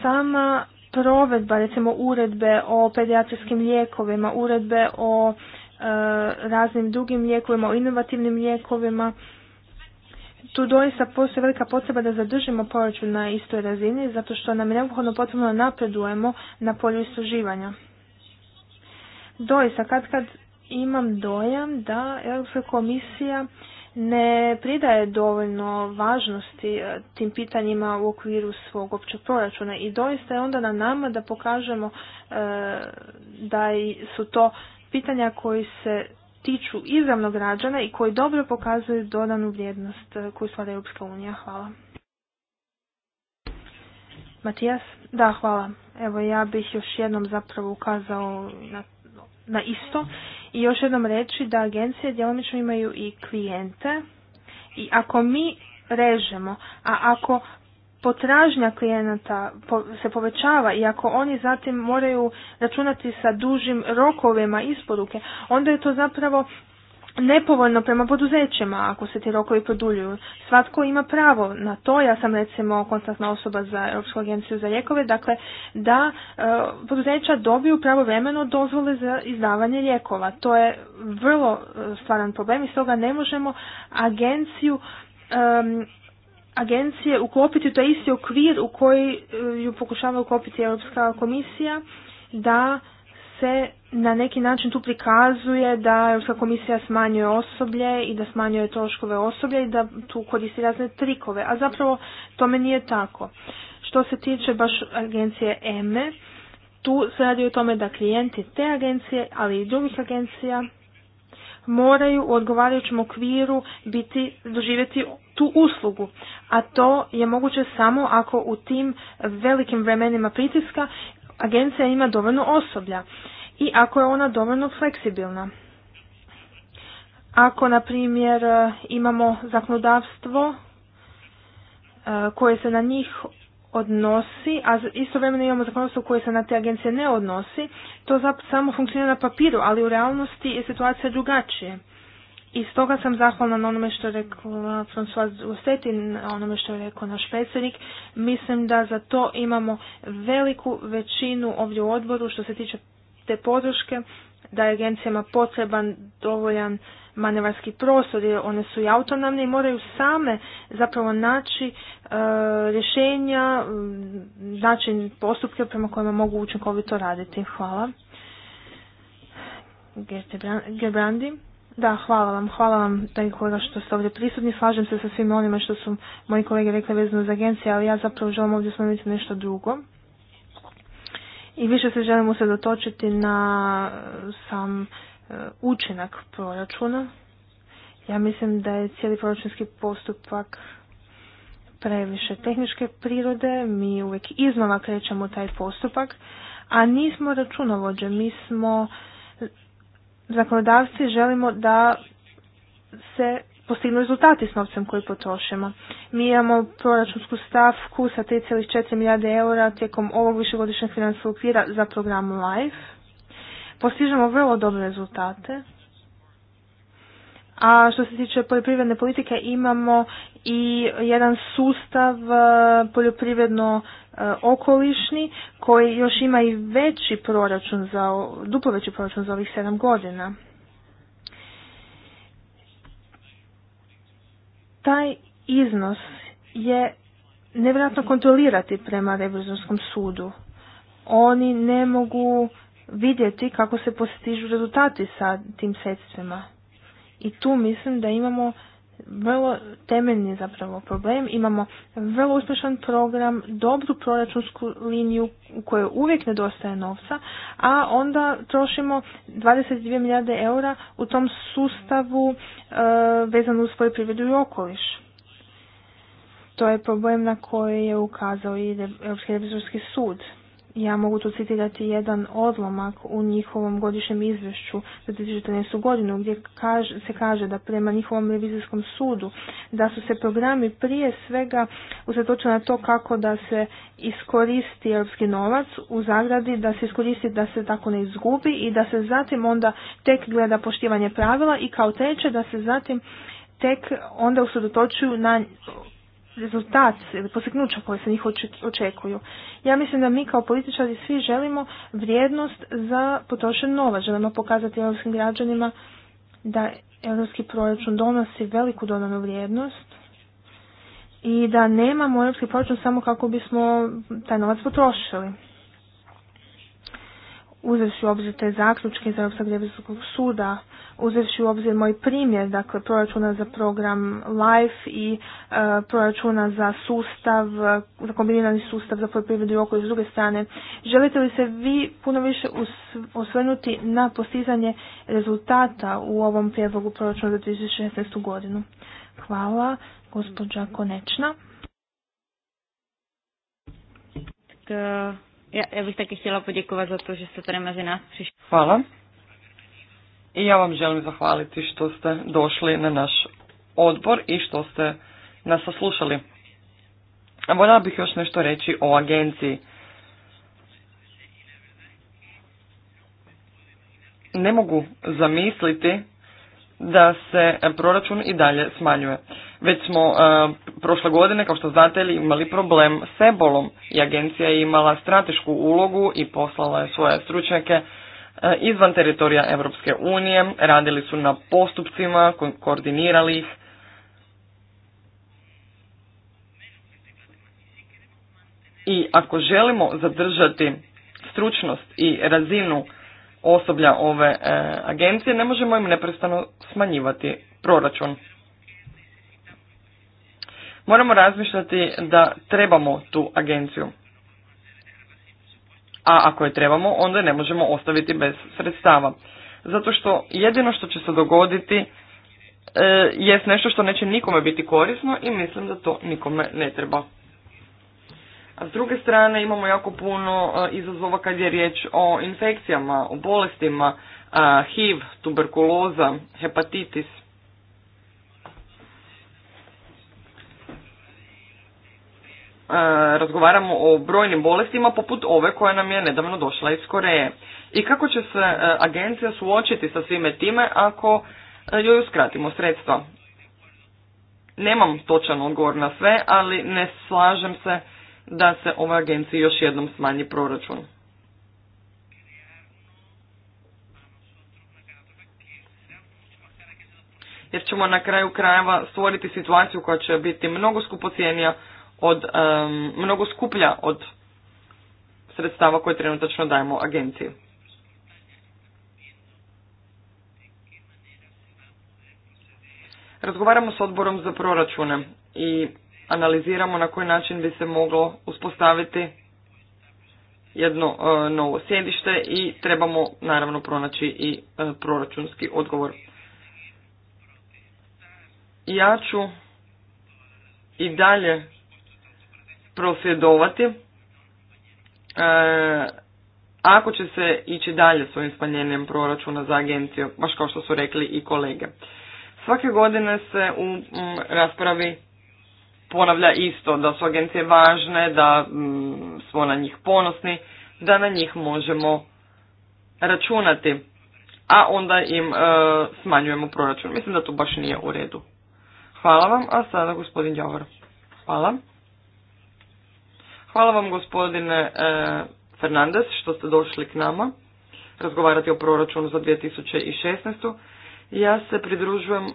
sama provedba recimo uredbe o pediatrijskim lijekovima, uredbe o e, raznim drugim lijekovima, o inovativnim lijekovima, tu doista postoji velika potreba da zadržimo proračun na istoj razini, zato što nam je neophodno potrebno napredujemo na polju istraživanja. Doista, kad kad imam dojam da Europska komisija ne pridaje dovoljno važnosti e, tim pitanjima u okviru svog općeg proračuna i doista je onda na nama da pokažemo e, da su to pitanja koji se tiču izravno građana i koji dobro pokazuju dodanu vrijednost e, koju stvara Europska unija. Hvala. Matijas? Da, hvala. Evo ja bih još jednom zapravo ukazao na, na isto i još jednom reći da agencije djelomično imaju i klijente i ako mi režemo, a ako potražnja klijenata se povećava i ako oni zatim moraju računati sa dužim rokovima isporuke, onda je to zapravo nepovoljno prema poduzećima ako se ti rokovi produljuju. Svatko ima pravo na to, ja sam recimo kontaktna osoba za Europsku agenciju za lijekove, dakle da e, poduzeća dobiju pravovremeno dozvole za izdavanje lijekova. To je vrlo e, stvaran problem i stoga ne možemo agenciju agencije ukopiti u taj isti okvir u koji e, ju pokušava ukopiti Europska komisija da se na neki način tu prikazuje da Europska komisija smanjuje osoblje i da smanjuje troškove osoblja i da tu koristi razne trikove, a zapravo tome nije tako. Što se tiče baš agencije EME, tu se radi o tome da klijenti te agencije, ali i drugih agencija, moraju u odgovarajućem okviru biti, doživjeti tu uslugu. A to je moguće samo ako u tim velikim vremenima pritiska agencija ima dovoljno osoblja i ako je ona dovoljno fleksibilna. Ako, na primjer, imamo zakonodavstvo e, koje se na njih odnosi, a istovremeno imamo zakonodavstvo koje se na te agencije ne odnosi, to samo funkcionira na papiru, ali u realnosti je situacija drugačije. I stoga sam zahvalna na onome što je rekla François na onome što je rekao naš predsjednik. Mislim da za to imamo veliku većinu ovdje u odboru što se tiče te podrške, da je agencijama potreban dovoljan manevarski prostor jer one su i autonomne i moraju same zapravo naći e, rješenja, znači postupke prema kojima mogu učinkovito raditi. Hvala. Gebrandi. Da, hvala vam, hvala vam taj kolega što ste ovdje prisutni. Slažem se sa svim onima što su moji kolege rekli vezano za agencije, ali ja zapravo želim ovdje spomenuti nešto drugo. I više se želim usredotočiti na e, sam E, učinak proračuna. Ja mislim da je cijeli proračunski postupak previše tehničke prirode, mi uvijek iznova krećemo taj postupak, a nismo računovođe, mi smo zakonodavci želimo da se postignu rezultati s novcem koji potrošimo. Mi imamo proračunsku stavku sa 3,4 milijarde eura tijekom ovog višegodišnjeg financijskog okvira za program LIFE postižemo vrlo dobre rezultate. A što se tiče poljoprivredne politike imamo i jedan sustav e, poljoprivredno e, okolišni koji još ima i veći proračun za, duplo veći proračun za ovih sedam godina. Taj iznos je nevjerojatno kontrolirati prema revizorskom sudu. Oni ne mogu vidjeti kako se postižu rezultati sa tim sredstvima. I tu mislim da imamo vrlo temeljni zapravo problem. Imamo vrlo uspješan program, dobru proračunsku liniju u kojoj uvijek nedostaje novca, a onda trošimo 22 milijarde eura u tom sustavu e, vezano uz poljoprivredu i okoliš. To je problem na koji je ukazao i Europski revizorski sud ja mogu tu citirati jedan odlomak u njihovom godišnjem izvješću za 2014. godinu gdje kaže, se kaže da prema njihovom revizijskom sudu da su se programi prije svega usredočili na to kako da se iskoristi europski novac u zagradi, da se iskoristi da se tako ne izgubi i da se zatim onda tek gleda poštivanje pravila i kao treće da se zatim tek onda usredotočuju na rezultat ili postignuća koje se njih očekuju. Ja mislim da mi kao političari svi želimo vrijednost za potrošen novac. Želimo pokazati europskim građanima da europski proračun donosi veliku dodanu vrijednost i da nemamo europski proračun samo kako bismo taj novac potrošili uzevši u obzir te zaključke iz Europskog revizorskog suda, uzevši u obzir moj primjer, dakle proračuna za program LIFE i e, proračuna za sustav, e, za kombinirani sustav za poljoprivredu i okoliš s druge strane, želite li se vi puno više osvrnuti na postizanje rezultata u ovom prijedlogu proračuna za 2016. godinu? Hvala, gospođa Konečna. Ja, ja bih taky chtěla poděkovat za to, že ste tady mezi nás Hvala. I ja vam želim zahvaliti što ste došli na naš odbor i što ste nas saslušali. Voljela bih još nešto reći o agenciji. Ne mogu zamisliti da se e, proračun i dalje smanjuje. Već smo e, prošle godine, kao što znate, imali problem s ebolom i agencija je imala stratešku ulogu i poslala je svoje stručnjake e, izvan teritorija Europske unije, radili su na postupcima, koordinirali ih. I ako želimo zadržati stručnost i razinu osoblja ove e, agencije, ne možemo im neprestano smanjivati proračun. Moramo razmišljati da trebamo tu agenciju. A ako je trebamo, onda je ne možemo ostaviti bez sredstava. Zato što jedino što će se dogoditi e, jest nešto što neće nikome biti korisno i mislim da to nikome ne treba. A s druge strane imamo jako puno e, izazova kad je riječ o infekcijama, o bolestima, e, HIV, tuberkuloza, hepatitis. E, razgovaramo o brojnim bolestima poput ove koja nam je nedavno došla iz Koreje. I kako će se agencija suočiti sa svime time ako joj uskratimo sredstva? Nemam točan odgovor na sve, ali ne slažem se da se ovoj agenciji još jednom smanji proračun. Jer ćemo na kraju krajeva stvoriti situaciju koja će biti mnogo skupocijenija od, mnogo skuplja od sredstava koje trenutačno dajemo agenciji. Razgovaramo s odborom za proračune i analiziramo na koji način bi se moglo uspostaviti jedno e, novo sjedište i trebamo naravno pronaći i e, proračunski odgovor. Ja ću i dalje prosvjedovati e, ako će se ići dalje s ovim smanjenjem proračuna za agenciju, baš kao što su rekli i kolege. Svake godine se u raspravi ponavlja isto, da su agencije važne, da mm, smo na njih ponosni, da na njih možemo računati, a onda im e, smanjujemo proračun. Mislim da to baš nije u redu. Hvala vam, a sada gospodin Djavor. Hvala. Hvala vam gospodine e, Fernandez što ste došli k nama razgovarati o proračunu za 2016. Ja se pridružujem e,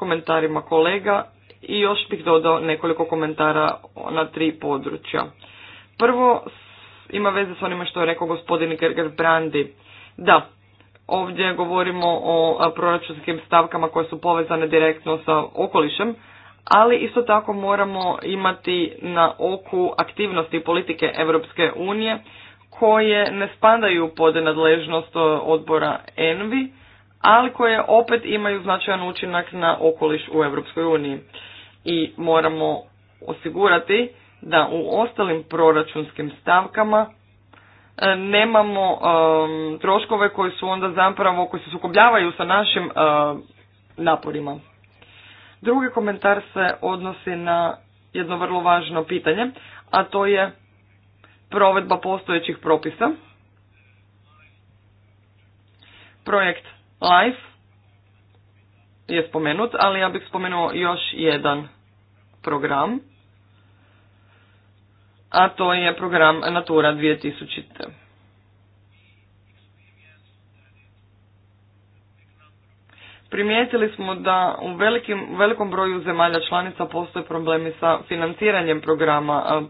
komentarima kolega i još bih dodao nekoliko komentara na tri područja. Prvo, ima veze s onime što je rekao gospodin Brandi. Da, ovdje govorimo o proračunskim stavkama koje su povezane direktno sa okolišem, ali isto tako moramo imati na oku aktivnosti i politike Europske unije koje ne spadaju pod nadležnost odbora ENVI, ali koje opet imaju značajan učinak na okoliš u Europskoj uniji. I moramo osigurati da u ostalim proračunskim stavkama e, nemamo troškove koji su onda zapravo, koji se sukobljavaju sa našim e, naporima. Drugi komentar se odnosi na jedno vrlo važno pitanje, a to je provedba postojećih propisa. Projekt Life je spomenut, ali ja bih spomenuo još jedan program, a to je program Natura 2000. Primijetili smo da u velikim, velikom broju zemalja članica postoje problemi sa financiranjem programa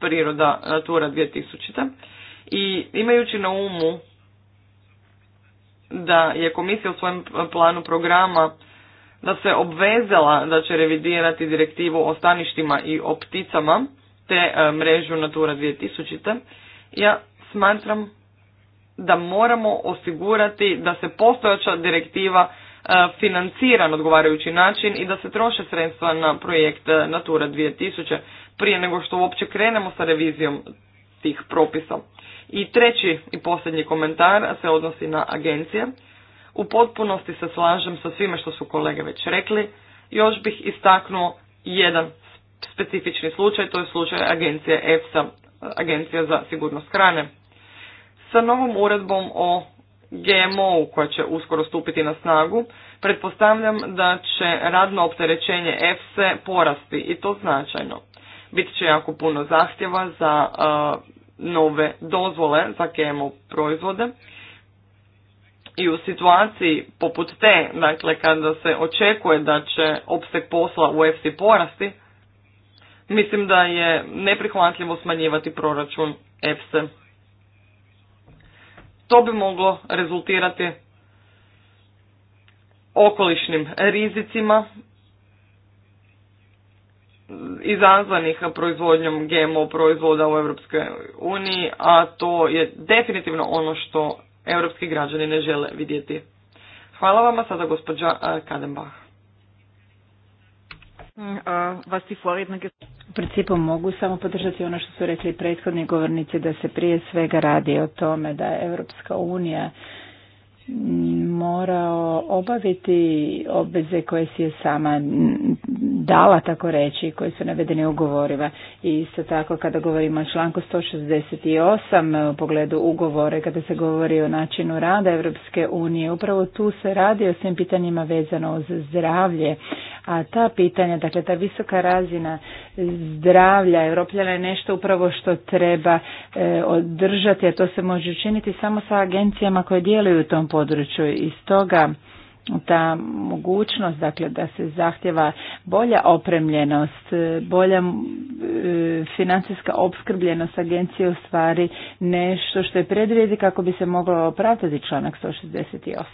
Priroda Natura 2000. I imajući na umu da je komisija u svojem planu programa da se obvezala da će revidirati direktivu o staništima i o pticama te e, mrežu Natura 2000. Ja smatram da moramo osigurati da se postojeća direktiva e, financira na odgovarajući način i da se troše sredstva na projekt e, Natura 2000 prije nego što uopće krenemo sa revizijom tih propisa. I treći i posljednji komentar se odnosi na agencije. U potpunosti se slažem sa svime što su kolege već rekli. Još bih istaknuo jedan specifični slučaj, to je slučaj agencije EFSA, agencija za sigurnost hrane. Sa novom uredbom o GMO-u koja će uskoro stupiti na snagu, pretpostavljam da će radno opterećenje EFSA porasti i to značajno. Bit će jako puno zahtjeva za nove dozvole za GMO proizvode i u situaciji poput te, dakle kada se očekuje da će opseg posla u EFSI porasti, mislim da je neprihvatljivo smanjivati proračun EFSE. To bi moglo rezultirati okolišnim rizicima izazvanih proizvodnjom GMO proizvoda u Europskoj uniji, a to je definitivno ono što europski građani ne žele vidjeti. Hvala vama sada gospođa e, Kadenbach. Mm, e, u principu mogu samo podržati ono što su rekli prethodni govornici da se prije svega radi o tome da Europska unija morao obaviti obveze koje si je sama dala, tako reći, koje su navedeni ugovorima. I isto tako kada govorimo o članku 168 u pogledu ugovore, kada se govori o načinu rada Europske unije, upravo tu se radi o svim pitanjima vezano uz zdravlje, a ta pitanja, dakle ta visoka razina zdravlja Evropljana je nešto upravo što treba e, održati, a to se može učiniti samo sa agencijama koje djeluju u tom području i toga, ta mogućnost dakle da se zahtjeva bolja opremljenost, bolja e, financijska opskrbljenost agencije u stvari nešto što je predvijedi kako bi se moglo opravdati članak 168.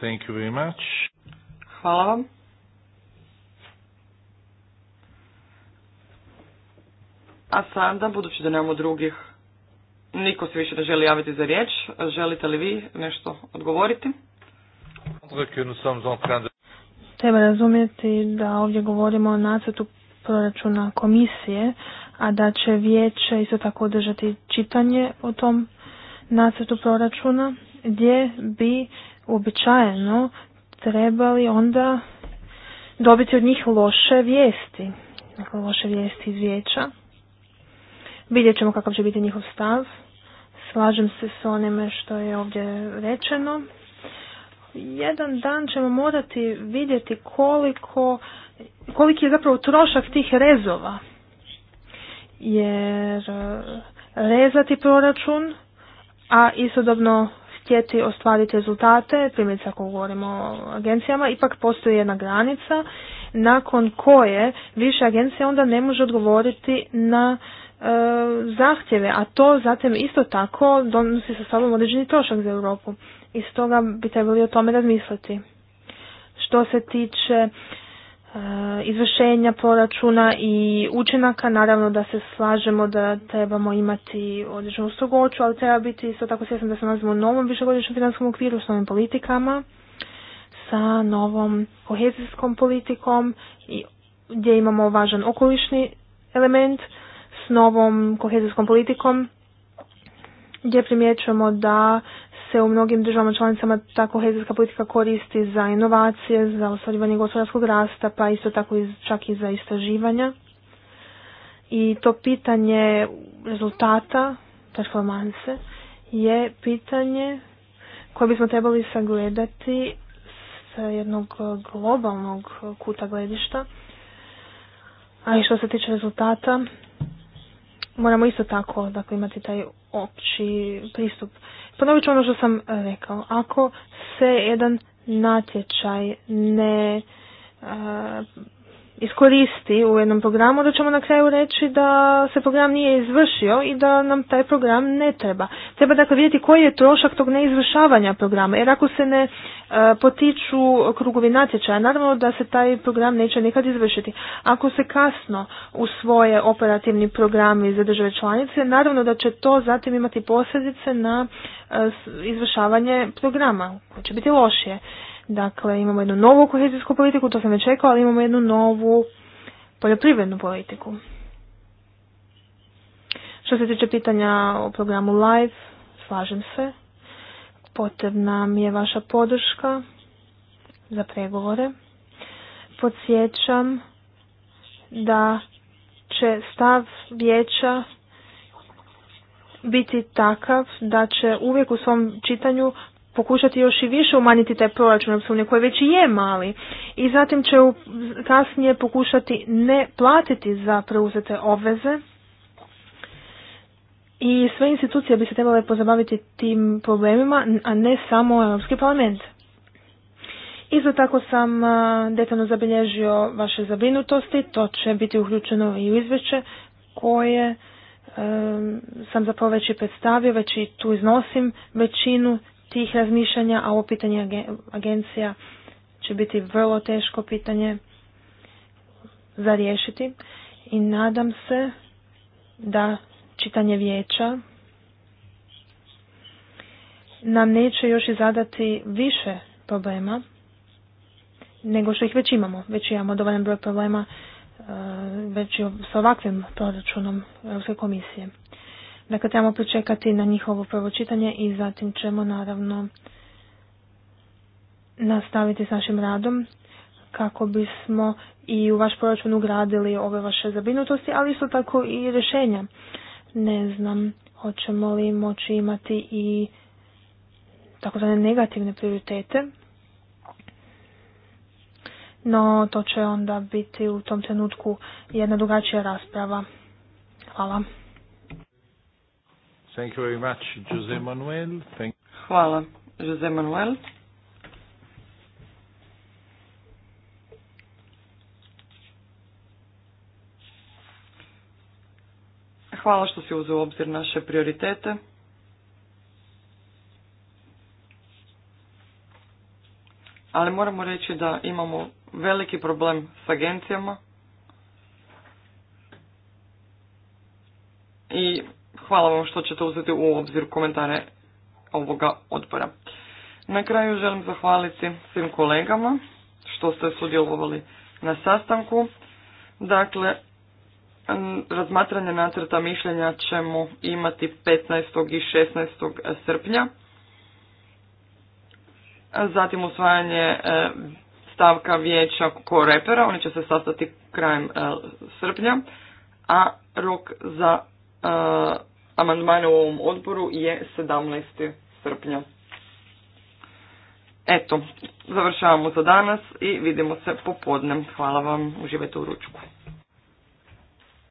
Thank you very much. Hvala vam. A sada, budući da nemamo drugih Niko se više ne želi javiti za riječ. Želite li vi nešto odgovoriti? Treba razumjeti da ovdje govorimo o nacrtu proračuna komisije, a da će vijeće isto tako održati čitanje o tom nacrtu proračuna, gdje bi uobičajeno trebali onda dobiti od njih loše vijesti, dakle loše vijesti iz vijeća. Vidjet ćemo kakav će biti njihov stav. Slažem se s onime što je ovdje rečeno. Jedan dan ćemo morati vidjeti koliko, koliki je zapravo trošak tih rezova. Jer e, rezati proračun, a istodobno htjeti ostvariti rezultate, primjerice ako govorimo o agencijama, ipak postoji jedna granica nakon koje više agencija onda ne može odgovoriti na E, zahtjeve, a to zatim isto tako donosi sa sobom određeni trošak za Europu. I stoga bi trebali o tome razmisliti. Što se tiče e, izvršenja proračuna i učinaka, naravno da se slažemo da trebamo imati određenu strogoću, ali treba biti isto tako svjesno da se nalazimo u novom višegodišnjem financijskom okviru s novim politikama, sa novom kohezijskom politikom i gdje imamo važan okolišni element, novom kohezijskom politikom gdje primjećujemo da se u mnogim državama članicama ta kohezijska politika koristi za inovacije, za ostvarivanje gospodarskog rasta, pa isto tako i, čak i za istraživanja. I to pitanje rezultata, performanse, je pitanje koje bismo trebali sagledati sa jednog globalnog kuta gledišta. A i što se tiče rezultata, moramo isto tako dakle, imati taj opći pristup. Ponovit ću ono što sam e, rekao. Ako se jedan natječaj ne e, iskoristi u jednom programu, da ćemo na kraju reći da se program nije izvršio i da nam taj program ne treba. Treba dakle vidjeti koji je trošak tog neizvršavanja programa, jer ako se ne e, potiču krugovi natječaja, naravno da se taj program neće nikad izvršiti. Ako se kasno usvoje operativni programi za države članice, naravno da će to zatim imati posljedice na e, izvršavanje programa, koje će biti lošije. Dakle, imamo jednu novu kohezijsku politiku, to sam već rekao, ali imamo jednu novu poljoprivrednu politiku. Što se tiče pitanja o programu Live, slažem se. Potrebna mi je vaša podrška za pregovore. Podsjećam da će stav vijeća biti takav da će uvijek u svom čitanju pokušati još i više umanjiti taj proračun Europske koji već i je mali i zatim će kasnije pokušati ne platiti za preuzete obveze i sve institucije bi se trebale pozabaviti tim problemima, a ne samo Europski parlament. Isto tako sam detaljno zabilježio vaše zabrinutosti, to će biti uključeno i u izvješće koje sam zapravo već i predstavio, već i tu iznosim većinu tih razmišljanja, a ovo pitanje agencija će biti vrlo teško pitanje za riješiti i nadam se da čitanje vijeća nam neće još i zadati više problema nego što ih već imamo. Već imamo dovoljan broj problema e, već i ovakvim proračunom Europske komisije. Dakle, trebamo pričekati na njihovo prvo čitanje i zatim ćemo naravno nastaviti s našim radom kako bismo i u vaš proračun ugradili ove vaše zabinutosti, ali isto tako i rješenja. Ne znam, hoćemo li moći imati i takozvane negativne prioritete, no to će onda biti u tom trenutku jedna drugačija rasprava. Hvala. Thank you very much, Jose Manuel. Thank Hvala, Jose Manuel. Hvala što si uzeo u obzir naše prioritete. Ali moramo reći da imamo veliki problem s agencijama. I Hvala vam što ćete uzeti u obzir komentare ovoga odbora. Na kraju želim zahvaliti svim kolegama što ste sudjelovali na sastanku. Dakle, razmatranje nacrta mišljenja ćemo imati 15. i 16. srpnja. Zatim usvajanje e, stavka vijeća korepera, oni će se sastati krajem e, srpnja, a rok za e, Amandman u ovom odboru je 17. srpnja. Eto, završavamo za danas i vidimo se popodne. Hvala vam, uživajte u ručku.